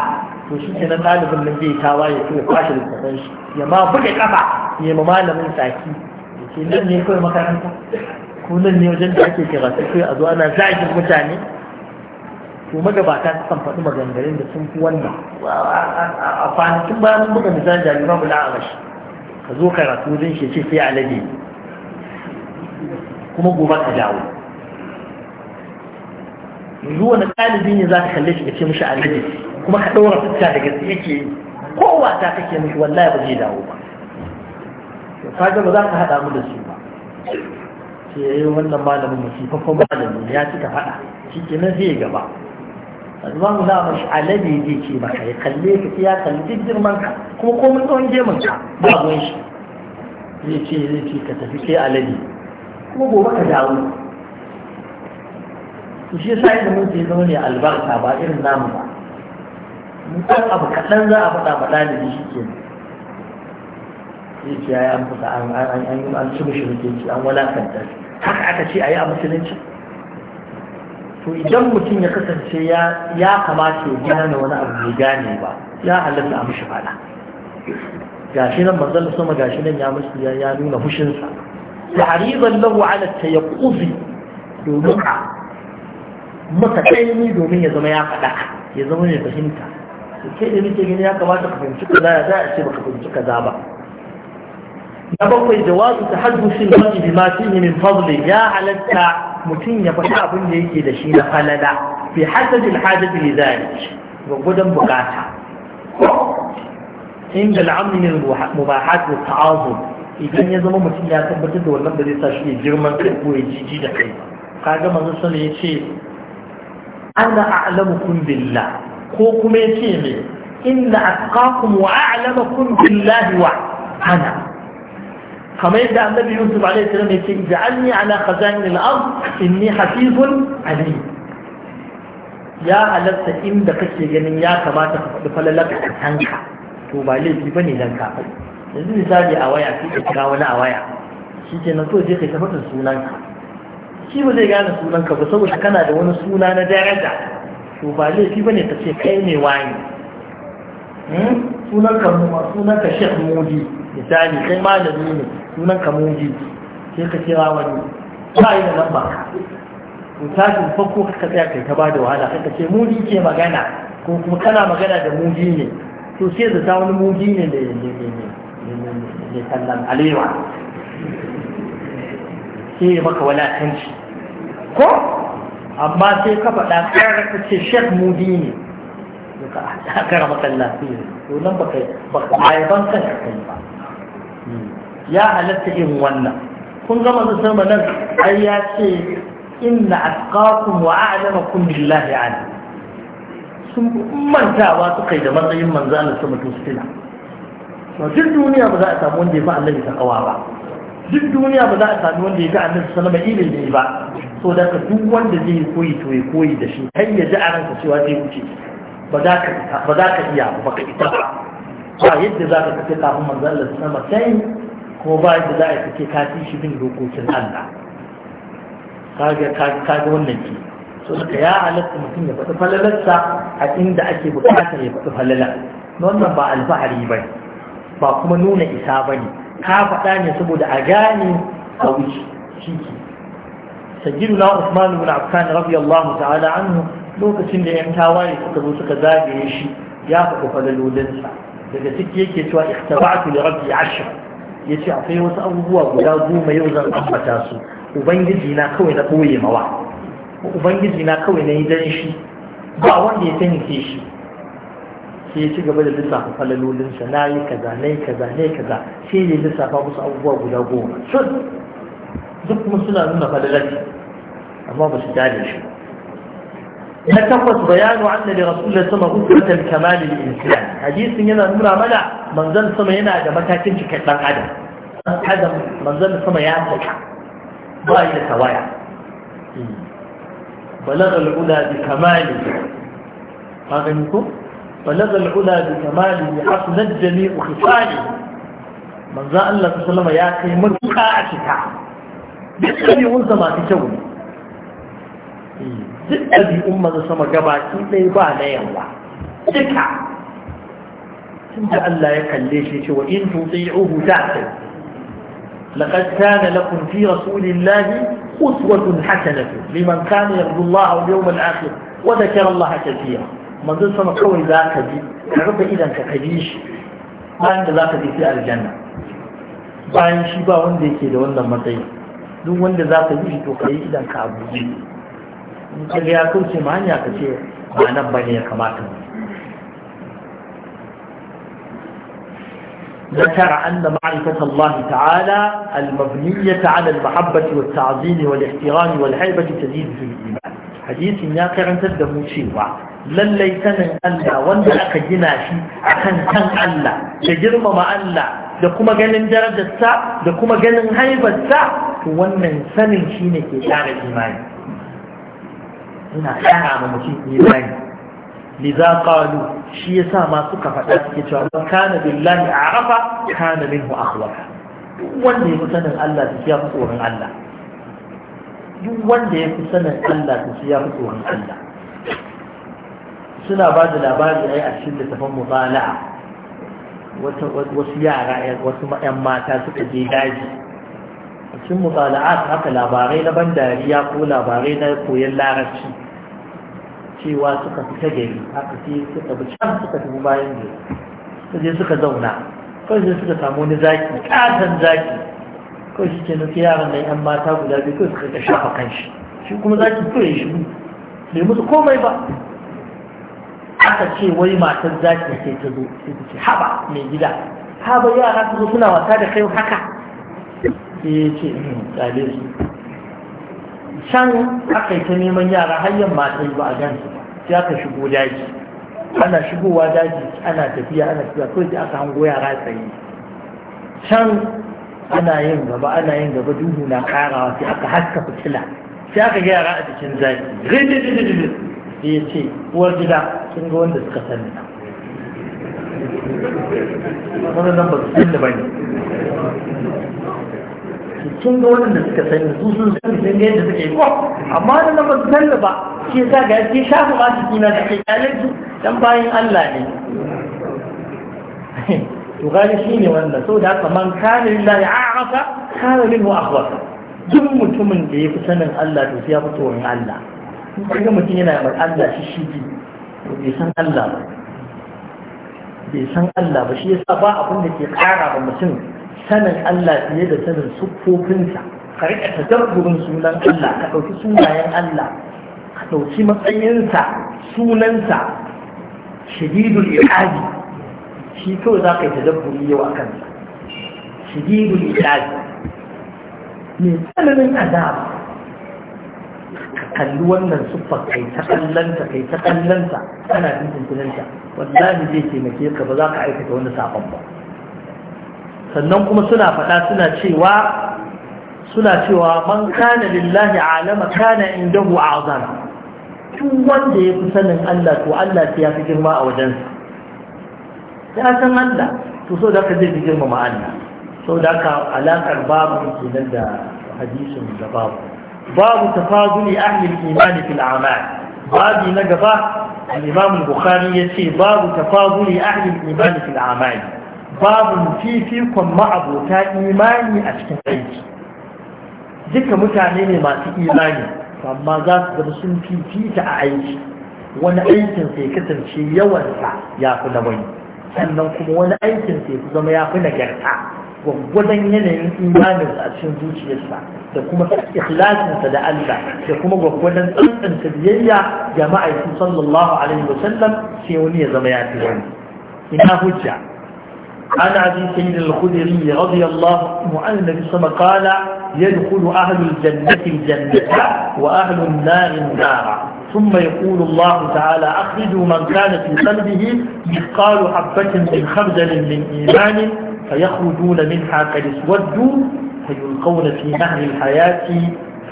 to shi kenan dalibin nan zai tawa ya ya fashi littafin shi ya ma buɗe ƙafa ya ma malamin saki ya ce nan ne kawai makaranta kunan ne wajen da ake karatu sai a zo ana zagin mutane to magabata ta kan faɗi maganganun da sun fi wannan a kwanakin bayan mun buga misali da liman bula a mashi ka zo karatu wajen shi ce sai alade kuma gobe ka dawo yanzu wani ɗalibi ne za ka kalle shi ka ce mishi alade kuma ka ɗaura fuska da gaske yake kowa ta kake mishi wallahi ba zai dawo ba ka kaga ba za ka haɗa mu da su ba ce ya eh, yi wannan malamin masifaffen malamin ya cika faɗa shi ke nan zai gaba almamu za mu shi alabi zai ce maka ya kalle ka ya kalli duk girman ka kuma komai tsawon gemun ka ba ruwan shi zai ce zai ce ka tafi sai alabi kuma gobe ka dawo to shi yasa yadda mun ce zama ne albarka ba irin namu ba mun san abu kaɗan za a faɗa ma ɗalibi shi kenan zuciya ya amfata an an an an ci mushi rikici an walakanta shi aka ce a yi a musulunci to idan mutum ya kasance ya kamata ya gane wani abu mai gane ba ya halatta a mishi fada gashi nan manzon sama gashi nan ya musu ya nuna fushinsa. hushinsa ta'riban lahu ya tayaqquzi domin a maka tsayi domin ya zama ya fada ya zama ya fahimta sai da muke gani ya kamata ka fahimci kaza ya za a ce baka fahimci kaza ba na bakwai jawazu ta hajjushin wani bi masu yi min fadli ya halatta mutum ya faɗi abin da yake da shi na falala fi hasajin hajjabi ne zai gwagwadon bukata inda al'amunin mubahat da ta'azu idan ya zama mutum ya tabbatar da wannan da zai sa shi ya girman kai ko ya jiji da kai kaga manzo sallallahu ya ce ana a'lamukum billah ko kuma ya ce me inna atqakum wa a'lamakum billahi wa ana kamar yadda annabi yusuf alaihi salam ya ce ij'alni ala khazain al-ard inni hafizun alim ya halatta inda kake ganin ya kamata ka faɗi falalar ka tanka to ba laifi bane dan ka faɗi yanzu misali a waya sai ka kira wani a waya shi ke nan so je kai ta sunanka shi ba zai gane sunanka ba saboda kana da wani suna na daraja to ba laifi ne ka ce kai ne wani hmm? sunanka sunanka shekh mudi misali kai malami ne sunan ka muji sai ka kira wani ba yi da lamba ko tashi farko ka tsaya kai ta ba da wahala kai ka ce muji ke magana ko kuma kana magana da muji ne to sai da ta wani muji ne da ne sallan alewa sai ya maka walakanci ko amma sai ka faɗa ƙarar ka ce shek mudi ne ka ƙara maka lafiya to nan ka baka ayaban kan ka kai ba ya halatta yin wannan kun gama su sama nan ai ya ce inna atqakum wa a'lamakum billahi alim sun mantawa suka yi da matsayin manzo Allah sama to duk duniya ba za a samu wanda ya fi annabi ta kawa ba duk duniya ba za a sami wanda ya fi annabi sallama ilimi ba so da ka duk wanda zai koyi to ya koyi da shi kai ya ji a ranka cewa zai wuce ba za ka iya ba ka ita ba ba yadda za ka tafi kafin manzo Allah sallama sai kuma ba da za a fice ka fi shi bin dokokin Allah kaga kaga wannan ke so daga ya halatta mutum ya faɗi falalarsa a inda ake buƙatar ya faɗi falalar wannan ba alfahari ba ba kuma nuna isa ba ne ka faɗa ne saboda a gane a wuce shi ke sajiduna usman ibn affan radiyallahu ta'ala anhu lokacin da yan tawaye suka zo suka zagaye shi ya faɗi falalolinsa daga ciki yake cewa ikhtaba'tu li rabbi ashra ya ce akwai wasu abubuwa guda goma yau zan ambata su ubangiji na kawai na ɓoye mawa ubangiji na kawai na yi dan shi ba wanda ya sani shi sai ya ci gaba da lissafa falalolinsa na yi kaza na yi kaza na yi kaza sai ya lissafa musu abubuwa guda goma sun duk kuma suna nuna falalarsa amma ba su dade shi ba na tafas bayanu an da ne rasulun sama hukumatar kamalin islam hadisin yana nuna mana manzan sama yana da matakin cikin dan adam adam manzan sama ya saka ba yi da tawaya ba gani ko balagal ula bi ya asu na jami uku tsari allah su ya kai mutuka a cika duk sami wunsa masu kyau ne duk ɗalibin mazan sama gabaki ɗaya ba na yawa duka sun Allah ya kalle shi ce wa in tuntun uhu ta ce laƙasta na lakunfi rasulun lahi uswatun haka na fi liman kanu yabdullah a yau mal'afi wata kira Allah haka fiya mazan sama kawai za rufe idan ka kaji shi bayan da za ka bi sai aljanna bayan shi ba wanda yake da wannan matsayi duk wanda za ka bi to ka yi idan ka abuji in ka ga ya kauce ma hanya ka ce ba nan bane ya kamata ذكر أن معرفة الله تعالى المبنية على المحبة والتعظيم والاحترام والهيبة تزيد في الإيمان حديث يا كرن تدمو شيوا للي سنن الله وانا أكجنا شي أكن كان الله يجرم مع الله da kuma ganin darajarsa da kuma ganin haibarsa to wannan sanin shine ke ƙara imani Ina kara ma mutum imani liza qalu shi yasa ma suka faɗa suke cewa man kana billahi a'rafa kana min akhwafa duk wanda ya fi sanin Allah su ya fi tsoron Allah duk wanda ya fi sanin Allah su ya fi tsoron Allah suna ba da labari yi a cikin littafin mutala'a wasu yara wasu yan mata suka je daji a cikin mutala'at haka labarai na ban dariya ko labarai na koyon larabci cewa suka ta gari aka sai suka bi can suka fi bayan gari suka je suka zauna kawai sai suka samu wani zaki katon zaki kawai shi ke nufi yaran nan yan mata guda biyu kawai suka shafa kan shi kuma zaki kawai shi bai musu komai ba aka ce wai matar zaki sai ta zo sai ta ce haba mai gida haba yara su zo suna wasa da kai haka sai ya ce tsale hmm, su can aka yi ta neman yara har yamma ta ba a gan su sai aka shigo daji ana shigowa daji ana tafiya ana tafiya kawai sai aka hango yara tsaye can ana yin gaba ana yin gaba duhu na karawa sai aka haska fitila sai aka ga yara a cikin zaki ridididididid sai ya ce uwar gida sun ga wanda suka sani na wannan nan ba su sani ba ne kin ga waɗanda suka sani su sun sani sun yadda suke ko amma da na basu sani ba shi yasa ga shi shafa ba su kina da kai kyalen su dan bayan Allah ne (laughs) to gani shi ne wannan so da haka man kana lillahi haka, kare min akhwafa duk mutumin da ya fi sanin Allah to sai ya fi tsoron Allah in ga mutum yana mai Allah shi shi to bai san Allah ba bai san Allah ba shi yasa ba abin da ke kara ba mutum sanin Allah fiye da sanin sufofinsa ka rika tadabburin sunan Allah ka ɗauki sunayen Allah ka ɗauki matsayinsa sunansa shididul iqabi shi kawai za ka yi tadabburi yau a kansa shididul iqabi mai tsananin azaba ka kalli wannan siffar kai ta kallanta kai ta kallanta ana tuntuntunanta wallahi zai taimake ka ba za ka aikata wani sabon ba sannan kuma suna faɗa suna cewa suna cewa man kana lillahi alama kana indahu azam duk wanda ya fi sanin Allah to Allah sai ya fi girma a wajensa sai a san Allah to so da ka zai fi girma ma Allah so da ka alakar babu ke nan da hadisin da babu babu tafaduli ahli al-iman fil a'mal babu na gaba al-imam al-bukhari yace babu tafaduli ahli al-iman fil a'mal babu fifikon ma'abota imani a cikin aiki duka mutane ne masu imani amma za su zama sun fifita a aiki wani aikin sai kasance yawansa ya fi na wani sannan kuma wani aikin sai fi zama ya fi nagarta gwaggwadon yanayin imaninsa a cikin zuciyarsa da kuma ikhlasinsa da Allah da kuma gwaggwadon tsantsanta biyayya ga ma'aikin sallallahu alaihi wasallam sai wani ya zama ya fi wani ina hujja عن عدي سيد الخدري رضي الله عنه أن النبي صلى الله عليه وسلم قال يدخل أهل الجنة الجنة وأهل النار النار ثم يقول الله تعالى أخرجوا من كان في قلبه مثقال حبة من خردل من إيمان فيخرجون منها كالسود فيلقون في نهر الحياة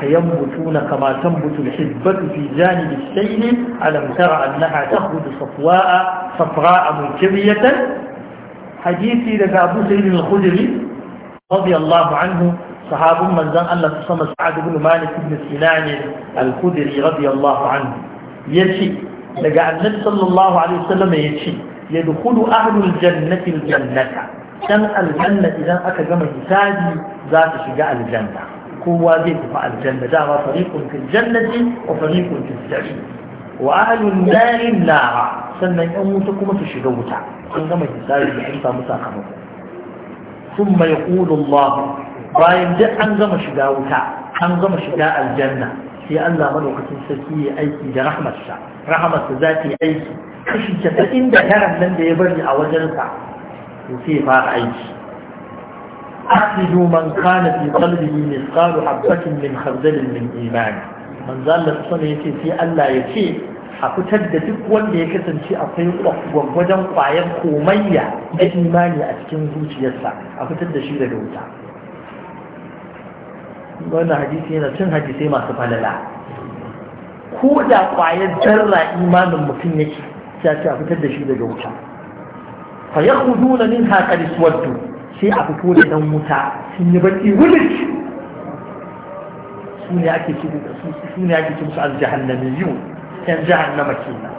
فينبتون كما تنبت الحبة في جانب السيل ألم ترى أنها تخرج صفواء صفراء منكرية حديثي لك أبو سيد الخدري رضي الله عنه صحاب من زن الله تصمى سعد بن مالك بن سنان الخدري رضي الله عنه يشي لك النبي صلى الله عليه وسلم يشي يدخل أهل الجنة الجنة كان الجنة إذا أكرم جسادي ذات شجاع الجنة هو ذلك الجنة دار طريق في الجنة وطريق في السعي وأهل النار النار sannan yan wuta kuma su shiga wuta an gama hisabi da an samu sakamako sun mai ƙudun bayan duk an gama shiga wuta an gama shiga aljanna sai Allah madaukakin sarki ya aiki da rahmarsa rahmarsa za ta yi aiki kashi casa'in da yaran nan da ya bari a wajensa to sai fara aiki أخذوا من كان في قلبه مثقال حبة من خردل من إيمان من ظل الصلاة في ألا يتي a fitar da duk wanda ya kasance akwai gwaggwajen kwayar komayya da imani a cikin zuciyarsa a fitar da shi daga wuta wannan hadisi yana cin hadisai masu falala ko da kwayar jarra imanin mutum yake sai a fitar da shi daga wuta fa yakhduna nin qad iswaddu sai a fito da ɗan wuta sun yi baki wulik su ne ake cin su aljihannamin ake yan jahannama kenan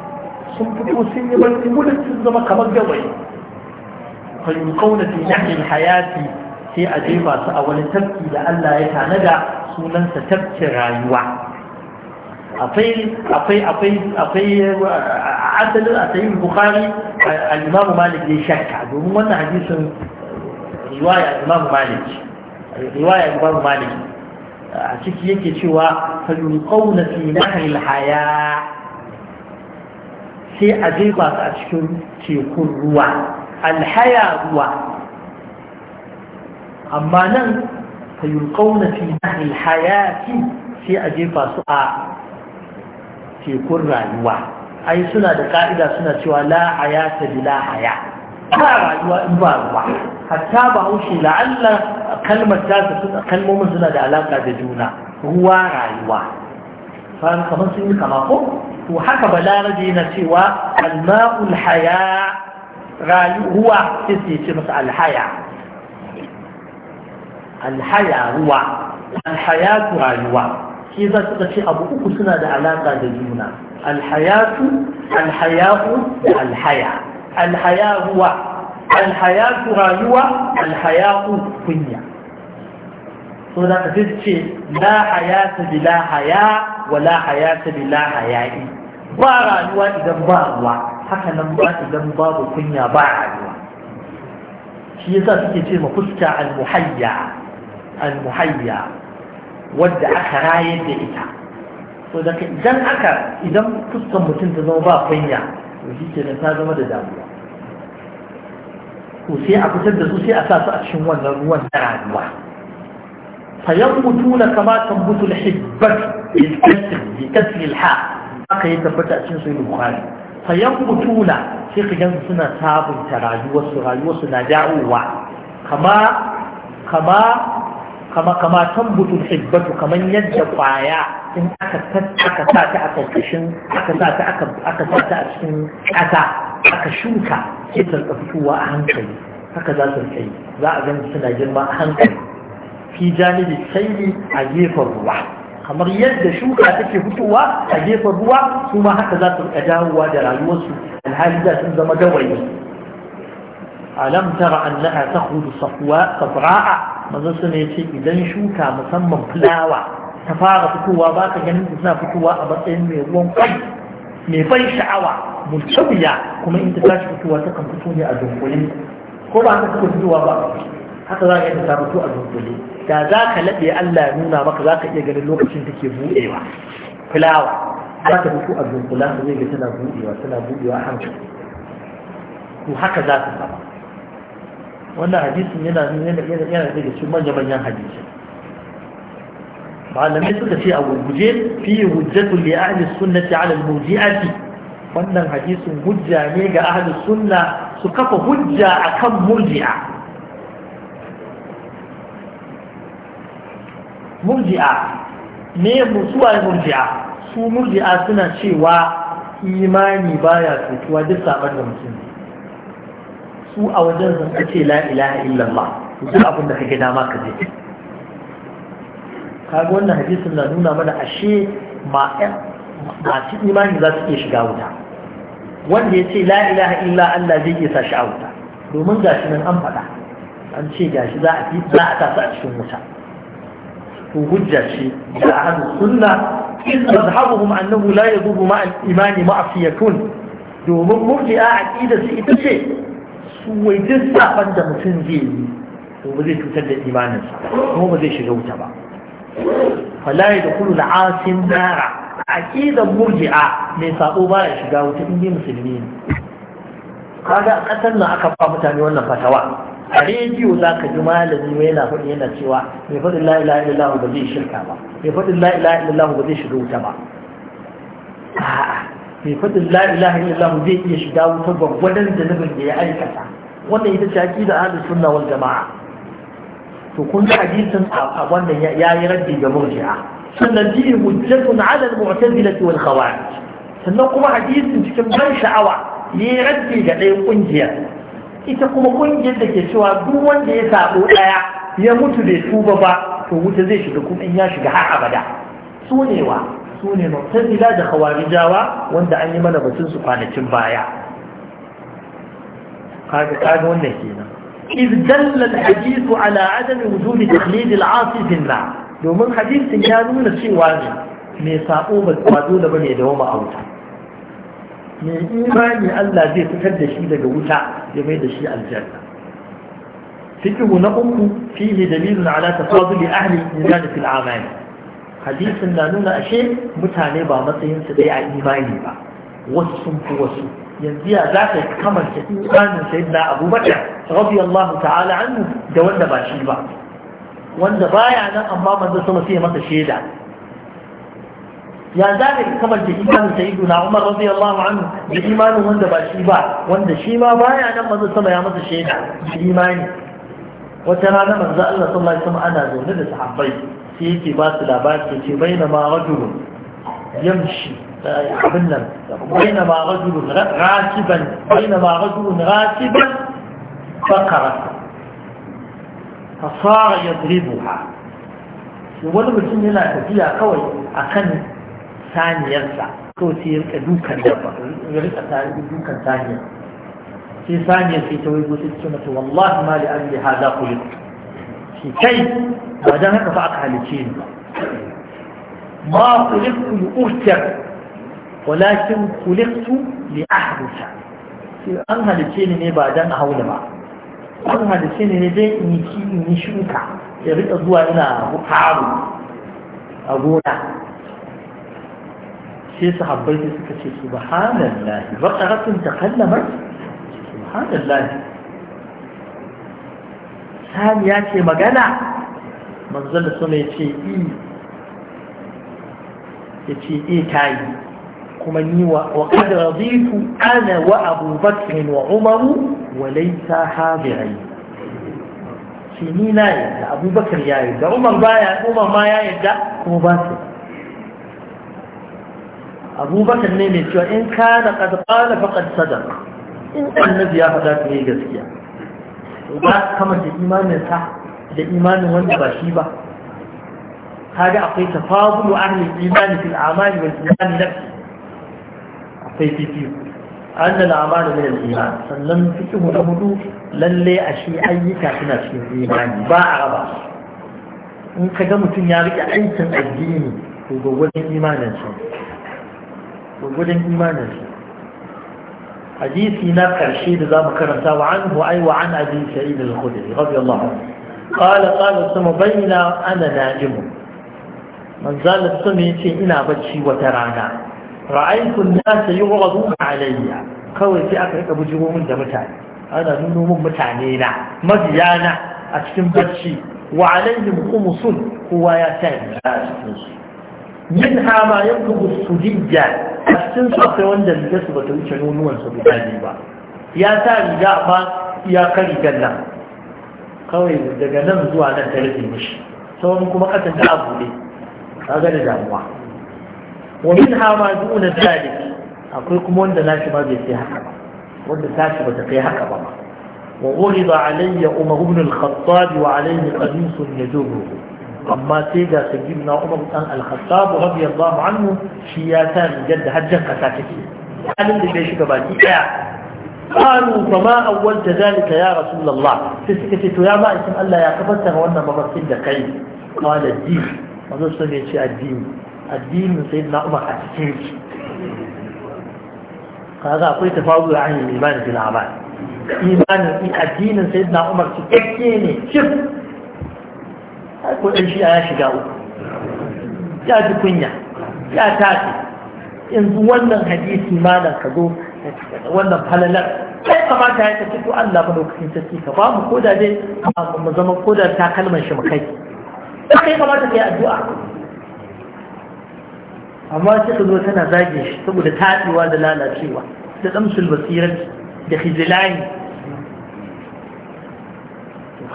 sun fito sun yi barci gudun sun zama kamar gawayi fayin kauna hayati sai a jefa su a wani tafki da Allah ya tanada sunansa tafkin rayuwa akwai akwai akwai akwai asalin a bukhari al-imamu malik ya shakka domin wannan hadisin riwaya imamu malik riwaya malik a ciki yake cewa fayin kauna fi hayati sai a jefa su a cikin tekun ruwa alhaya ruwa amma nan fa yulqawna fi nahri alhayati sai a jefa su a tekun rayuwa ai suna da ka'ida suna cewa la'aya ta bi la'aya. ba rayuwa in ba ruwa hatta ba haushi la'alla kalmar ta suna kalmomin suna da alaka da juna ruwa rayuwa fa kamar sun yi kama ko to haka balarabe na cewa alma'ul haya ruwa sai ce masa alhaya alhaya ruwa alhayatu rayuwa shi za su ce abu uku suna da alaƙa da juna alhayatu alhaya'u da alhaya alhaya ruwa alhayatu rayuwa alhaya'u kunya so da ka ce la bi la haya wa la ta bi la haya'i ba rayuwa idan ba ruwa haka nan ba idan babu kunya ba rayuwa shi yasa suke ce ma fuska al-muhayya al-muhayya wadda aka rayar da ita so da idan aka idan mutum ta zama ba kunya to shi ke ta zama da damuwa to sai a fitar da su sai a sa su a cikin wannan ruwan na rayuwa فينبتون كما تنبت الحبة بالكسر بكسر الحاء haka ya tabbata a cikin sahih bukhari fayanbutuna sai ka gansu suna sabunta rayuwarsu rayuwarsu na dawowa kama kama kama kama tambutul hibbatu kaman yadda kwaya in aka aka sa ta a karkashin aka sa ta aka aka sa ta a cikin ƙasa aka shuka sai ta fitowa a hankali haka za su kai za a gansu suna girma a hankali في جانب السيل أجيف الروع كما يد شوكا تكي فتوة أجيف الروع ثم حتى ذات الأجاو وادر الوصف الهاجدة عندما دوري ألم ترى أن لها تخرج صفواء صفراء ماذا سنيتي إذن شوكا مصمم بلاوة تفارة فتوة باقة جنب إثناء فتوة أبطين ميرون قد ميفاي شعوة ملتبية كما إنت تاش فتوة تكن فتوة أدوكولي كما تكن فتوة باقة حتى ذلك يتابعوا أدوكولي da za ka laɗe Allah ya nuna maka za ka iya ganin lokacin da ke buɗewa fulawa za ka fito a dunkula su zai ga tana buɗewa tana buɗewa hankali to haka za ka saba wannan hadisin yana yana yana daga cikin manya-manyan hadisi malamai suka ce a gurguje fi hujjatu li ahli sunnati ala al-murji'ati wannan hadisin hujja ne ga ahli sunna su kafa hujja akan murji'a murji'a ne musuwa ya murji'a su murji'a suna cewa imani baya cutuwa duk saban da mutum su a wajen sun ka ce la ilaha illallah duk abin da kake dama ka je kaga wannan hadisin na nuna mana ashe eh, masu imani za su iya shiga wuta wanda ya ce la ilaha illa Allah zai iya sa a wuta domin gashi nan an faɗa an ce gashi za a fi za a sa su a cikin wuta to hujja ce da ahlus sunna in mazhabuhum annahu la yadhuru ma al-imani ma'siyatun domin murji'a aqida su ita ce su wai duk saban da mutum zai yi to ba zai cutar da imaninsa kuma ba zai shiga wuta ba fala yadkhulu al-asim nara aƙidar murji'a mai sabo ba ya shiga wuta in musulmi ne kaga ƙasar nan aka ba mutane wannan fatawa a rediyo za ka ji malami yana faɗi yana cewa mai faɗin la ilaha ba zai shirka ba mai faɗin la ilaha ba zai shiga wuta ba a'a mai faɗin la ilaha illallah zai iya shiga wuta gwaggwadon da nufin da ya aikata wannan ita ce aqida ahlus sunna wal jama'a to kun ga hadisin a wannan ya yi raddi ga murji'a sannan fihi hujjatun ala al-mu'tazilati wal khawarij sannan kuma hadisin cikin ban sha'awa ya yi raddi ga ɗayan ƙungiyar ita kuma ƙungiyar da ke cewa duk wanda ya sabo ɗaya ya mutu bai tuba ba to wuta zai shiga kuma in ya shiga har abada su wa mu'tazila da khawarijawa wanda an yi mana batun su kwanakin baya kaga kaga wannan kenan إذ دل الحديث على عدم وجود تقليد العاصي في النار domin hadisin ya nuna cewa ne mai saƙo ba kwado da bane da mai imani Allah zai fitar da shi daga wuta ya mai da shi aljanna fikihu na uku fihi dalilun ala tafaduli ahli imani fil amali hadisin na nuna ashe mutane ba matsayin su dai a imani ba wasu sun fi wasu yanzu ya za ka kamanta imanin sayyidina abubakar radiyallahu ta'ala anhu da wanda ba shi ba wanda baya nan amma manzo sama sai masa shaida ya za ka kamar da imanin sayyidu na umar radiyallahu anhu da imanin wanda ba shi ba wanda shi ma baya nan manzo sama ya masa shaida da imani wata rana manzo Allah sallallahu alaihi wasallam ana zaune da sahabbai sai yake ba su labari ke ce baina ma rajulun yamshi eh, abin nan baina ma rajulun rakiban baina ma rajulun rakiban fakara fasara yadribuha wani mutum yana tafiya kawai akan saniyarsa ko sai ya rika dukan dabba ya rika dukan saniyar sai saniyar sai ta waigo sai ce mata wallahi ma da abin hada kulit shi kai ba don haka fa aka halice ni ba ma kulit ku yi uhtar walakin kulit su li ahdusa an halice ni ne ba don a haula ba an halice ni ne dai in yi shuka ya rika zuwa ina haru a gona sai sahabbai sai suka ce subhanallahi baqaratun takallamat subhanallahi sani ya ce magana manzon suna ya ce i ya ce i yi, kuma ni wa qad raditu ana wa Abu Bakr wa Umar wa laysa hadirai shi ni na yadda Abubakar Bakr ya yadda Umar ba baya Umar ma ya yadda kuma ba su abubakar ne mai cewa in kana qad qala faqad sadaq in annabi ya faɗa ta yi gaskiya ba kamar da imaninsa da imanin wanda ba shi ba kaga akwai tafadulu ahli imanin fil amali wal imani nafi. akwai fifi an da amali min al iman sannan fiqhu hudu hudu lalle a shi ayyuka suna cikin imani ba a raba in ka ga mutum ya rike aikin addini to gogwon imanin sa gudun imanin hadisi na karshe da za zamu karanta wa anhu ai wa an abi sa'id al-khudri radiyallahu anhu qala qala sama bayyana ana najimun manzalar sun ya ce ina barci wata rana ra'aikun nasa yi wa'azu alayya kawai sai aka rika bujiro da mutane ana nuno min mutane na mabiyana a cikin bacci wa alaihim qumsun kowa ya sa a cikinsu. hama ya su sosai wanda ما su السجية السنسة في وند الجسد وتوشنون وانسبتاني با يا تاري جاء ما يا قري قلنا kawai daga nan zuwa nan ta rufe mishi sauran kuma kasan da abu ne kaga da damuwa wa min hama ma na dalik akwai kuma wanda na shi ma bai kai haka ba wanda ta shi ba ta kai haka ba ma wa urida alayya umar ibn al-khattab wa ya zo yaduruhu amma sai ga sayyidina Umar dan Al-Khattab radiyallahu anhu shi ya ta rigar da hajjar kasa take halin da bai shiga baki daya قالوا فما أولت ذلك يا رسول الله تسكتت يا ما اسم الله يا كفتر وانا ممثل دقيق قال الدين ماذا سمعت الدين الدين من سيدنا عمر أتسيج هذا أقول تفاضل عن الإيمان في الأعمال إيمان الدين سيدنا عمر تكيني شف ko shi ya shiga uku ya ji kunya ya tafi yanzu wannan hadisi malam ka zo wannan falalar kai kamata ya tafi to Allah madaukakin tafi, ka ba mu koda dai mu zama koda ta kalmar shi mu kai kai kamata ka yi addu'a amma sai ka zo tana zage shi saboda taɗewa da lalacewa da damsul basirar da khizlani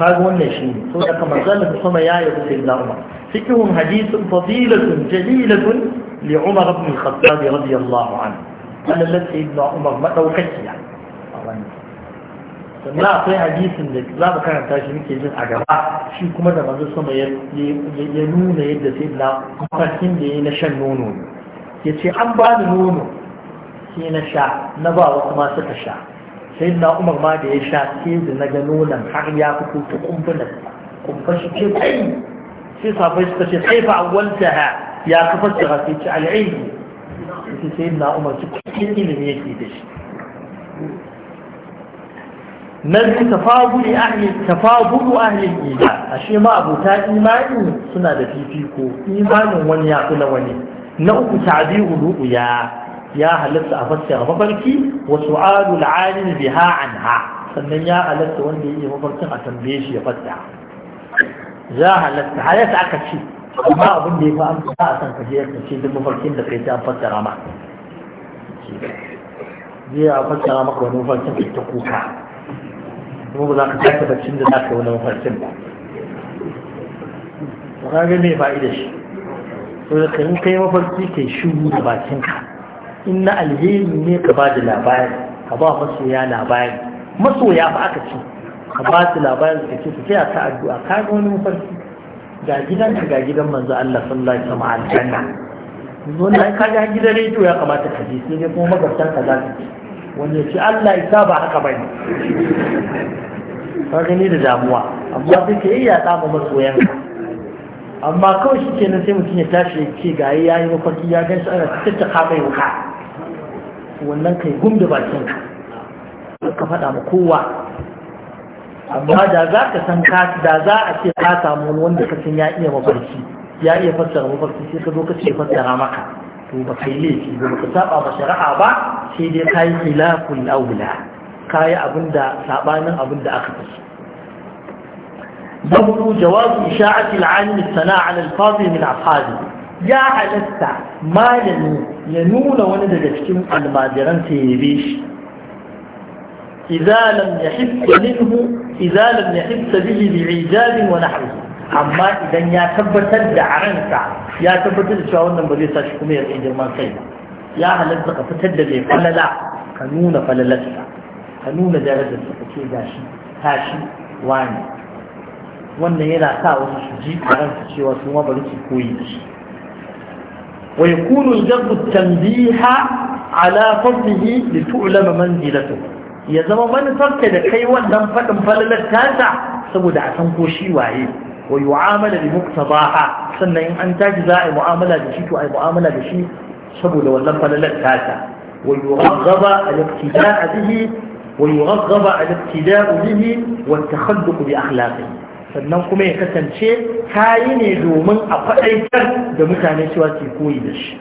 kaga wannan shi ne so daga manzon da sama ya yi sai da Umar fikihun hadisin fadilatun jalilatun li Umar ibn al-Khattab radiyallahu anhu Allah sayyidina Umar madaukakiya a wannan sannan akwai hadisin da za mu karanta shi muke jin a gaba shi kuma da manzo sama ya nuna yadda sai na mafarkin da ya na shan nono ya ce an ba ni nono sai na sha na ba wasu ma suka sha sai na umar ma da ya sha sai na ga nonon har ya fito ta kumbunan kumfa shi ce kai sai safai suka ce sai fa awwalta ha ya kafa fassara sai ci al'ilmi sai sai na umar ci cikin ilimi yake da shi nan tafadulu ahli tafadulu ahli iman ashe ma abota imani suna da fifiko imanin wani ya kula wani na uku ta'dilu ru'ya ya halatta a fassara mafarki wa su'alu al'alim biha anha sannan ya halatta wanda yake mafarkin a tambaye shi ya fassara Za ya halatta halatta aka ce amma abin da ya fi amsa a san ka je ka ce duk mafarkin da kai ta fassara ma zai a fassara maka wani mafarkin ka ta kuka kuma ba za ka sake baccin da za ka yi wani mafarkin ba ka ga mai fa'ida shi to da kan kai mafarki kai shiru da bakinka in na alheri ne ka ba da labari ka ba masoya labari masoya ba aka ce ka ba su labari ka ce su taya ta addu'a ka ga wani mafarki ga gidan ka ga gidan manzo Allah sallallahu alaihi wasallam aljanna zo na ka ga gidan rediyo ya kamata ka ji sai dai kuma magabtan ka za ka ci Wani ya ce Allah ya ba haka ba ne. ka gani da damuwa amma sai ka yi ya tsama masoyanka amma kawai shi ke nan sai mutum ya tashi ya ce ga ya yi mafarki ya gan shi ana tattaka mai wuka wannan kai gum da bakin ka ka faɗa ma kowa amma da za ka san ka da za a ce ka samu wanda ka san ya iya mafarki ya iya fassara mafarki sai ka zo ka ce fassara maka to ba kai laifi ba ka saba ma shari'a ba sai dai ka yi khilaful aula ka yi abin da sabanin abin da aka fi babu jawabu isha'ati al'alim sana'a al-fadil min afhadi ya halatta malami ya nuna wani daga cikin almajiran ta yabe shi idza lam yahissa minhu idza lam yahissa bihi bi'ijab wa nahwi amma idan ya tabbatar da aransa ya tabbatar da cewa wannan ba zai sa shi kuma ya kai girman kai ya halatta ka fitar da mai falala ka nuna falalarsa ka nuna darajarsa ka ce gashi tashi wani wannan yana sa wasu su ji a ransu cewa su ma bari su koyi da shi ويكون الجر التنبيه على فضله لتعلم منزلته يا زمان من فرك لكي وانا فتن فلل التاسع سبو دعسان كوشي ويعامل بمقتضاها سنة إن أنتاج زائم وآملا بشي أي مؤاملا بشي سبو دعسان فلل التاسع ويغضب الابتداء به ويغضب الابتداء به والتخلق بأخلاقه sannan kuma ya kasance kayi ne domin a faɗaitar da mutane cewa ke koyi da shi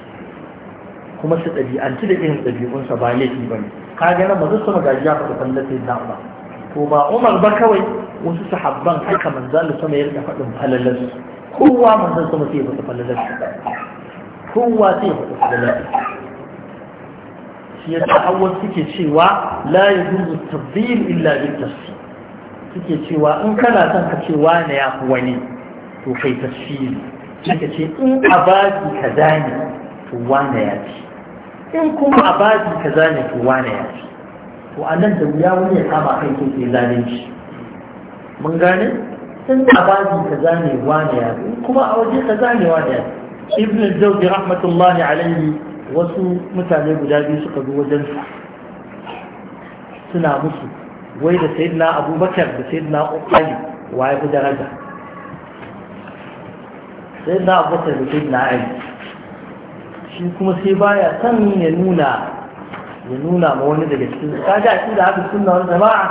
kuma su ɗabi'anci da irin ɗabi'unsa ba laifi ba ne ka gana ba zai sama gajiya ba da fallafin na ba ko ba umar ba kawai wasu sahabban haka manzan da sama ya rika faɗin falalarsu kowa manzan sama sai ya faɗi falalarsu kowa sai ya faɗi falalarsu shi ya sa suke cewa la ya gudu illa bin tafsir suke cewa in kana son ka ce wane ya fi wani to kai tafsiri suka ce in a babi ka zane to wane ya fi in kuma a babi ka zane to wane ya fi to a nan da wuya wani ya kama kai ke ke shi. mun gane in a babi ka zane wane ya fi kuma a waje ka zane wane ya fi ibn jawbi rahmatullahi alaihi wasu mutane guda biyu suka zo wajensa suna musu wai da sayyidina abubakar da sayyidina ali waye fi daraja sayyidina abubakar da sayyidina ali shi kuma sai baya son ya nuna ya nuna ma wani daga cikin Ka ji a cikin da haka sunna wani jama'a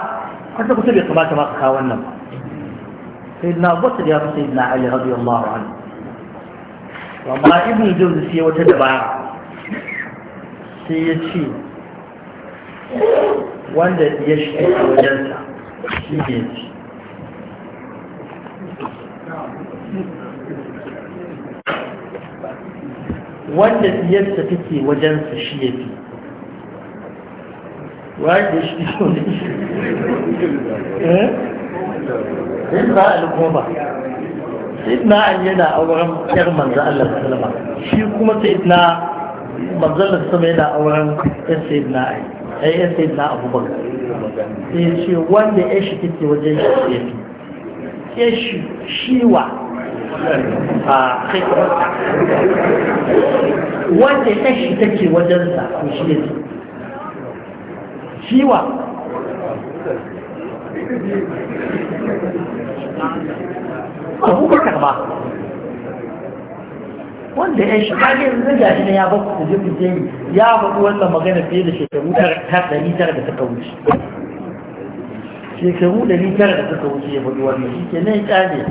kwata kusa bai kamata ma ka kawo wannan ba sayyidina abubakar ya fi sayyidina ali radiyallahu anhu amma ibn jawzi sai wata dabara sai ya ce wanda ya shi a wajensa shi ne ci wanda diyarsa take wajensa shi ya fi wanda shi ne eh? ba al-goma sayyidina yana auren yar manzo Allah sallama shi kuma sayyidina manzo Allah sallama yana auren yar sayyidina ali ɗaya sai na abubakar sai ce wanda ya shi take wajen shi ya fi ya shi shiwa a kai wanda ya shi take wajensa to shi ya fi shiwa abubakar ba wanda ya shi kage yanzu ga shi ya bakku da jibi jini ya faɗi wannan magana fiye da shekaru ɗari tara da suka wuce shekaru ɗari tara da suka wuce ya faɗi wannan shi ke nan ƙage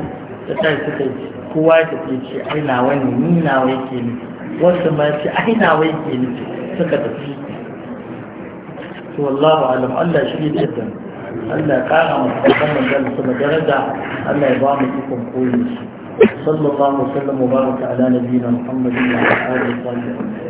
da ta suka yi kowa ya tafi ce ai nawa ne ni nawa yake nufi wanda ma ce ai nawa ke nufi suka tafi to wallahu alam Allah shi ne da Allah ya kara mu da kan manzon sama daraja Allah ya ba mu ikon koyi shi صلى الله وسلم وبارك على نبينا محمد وعلى اله وصحبه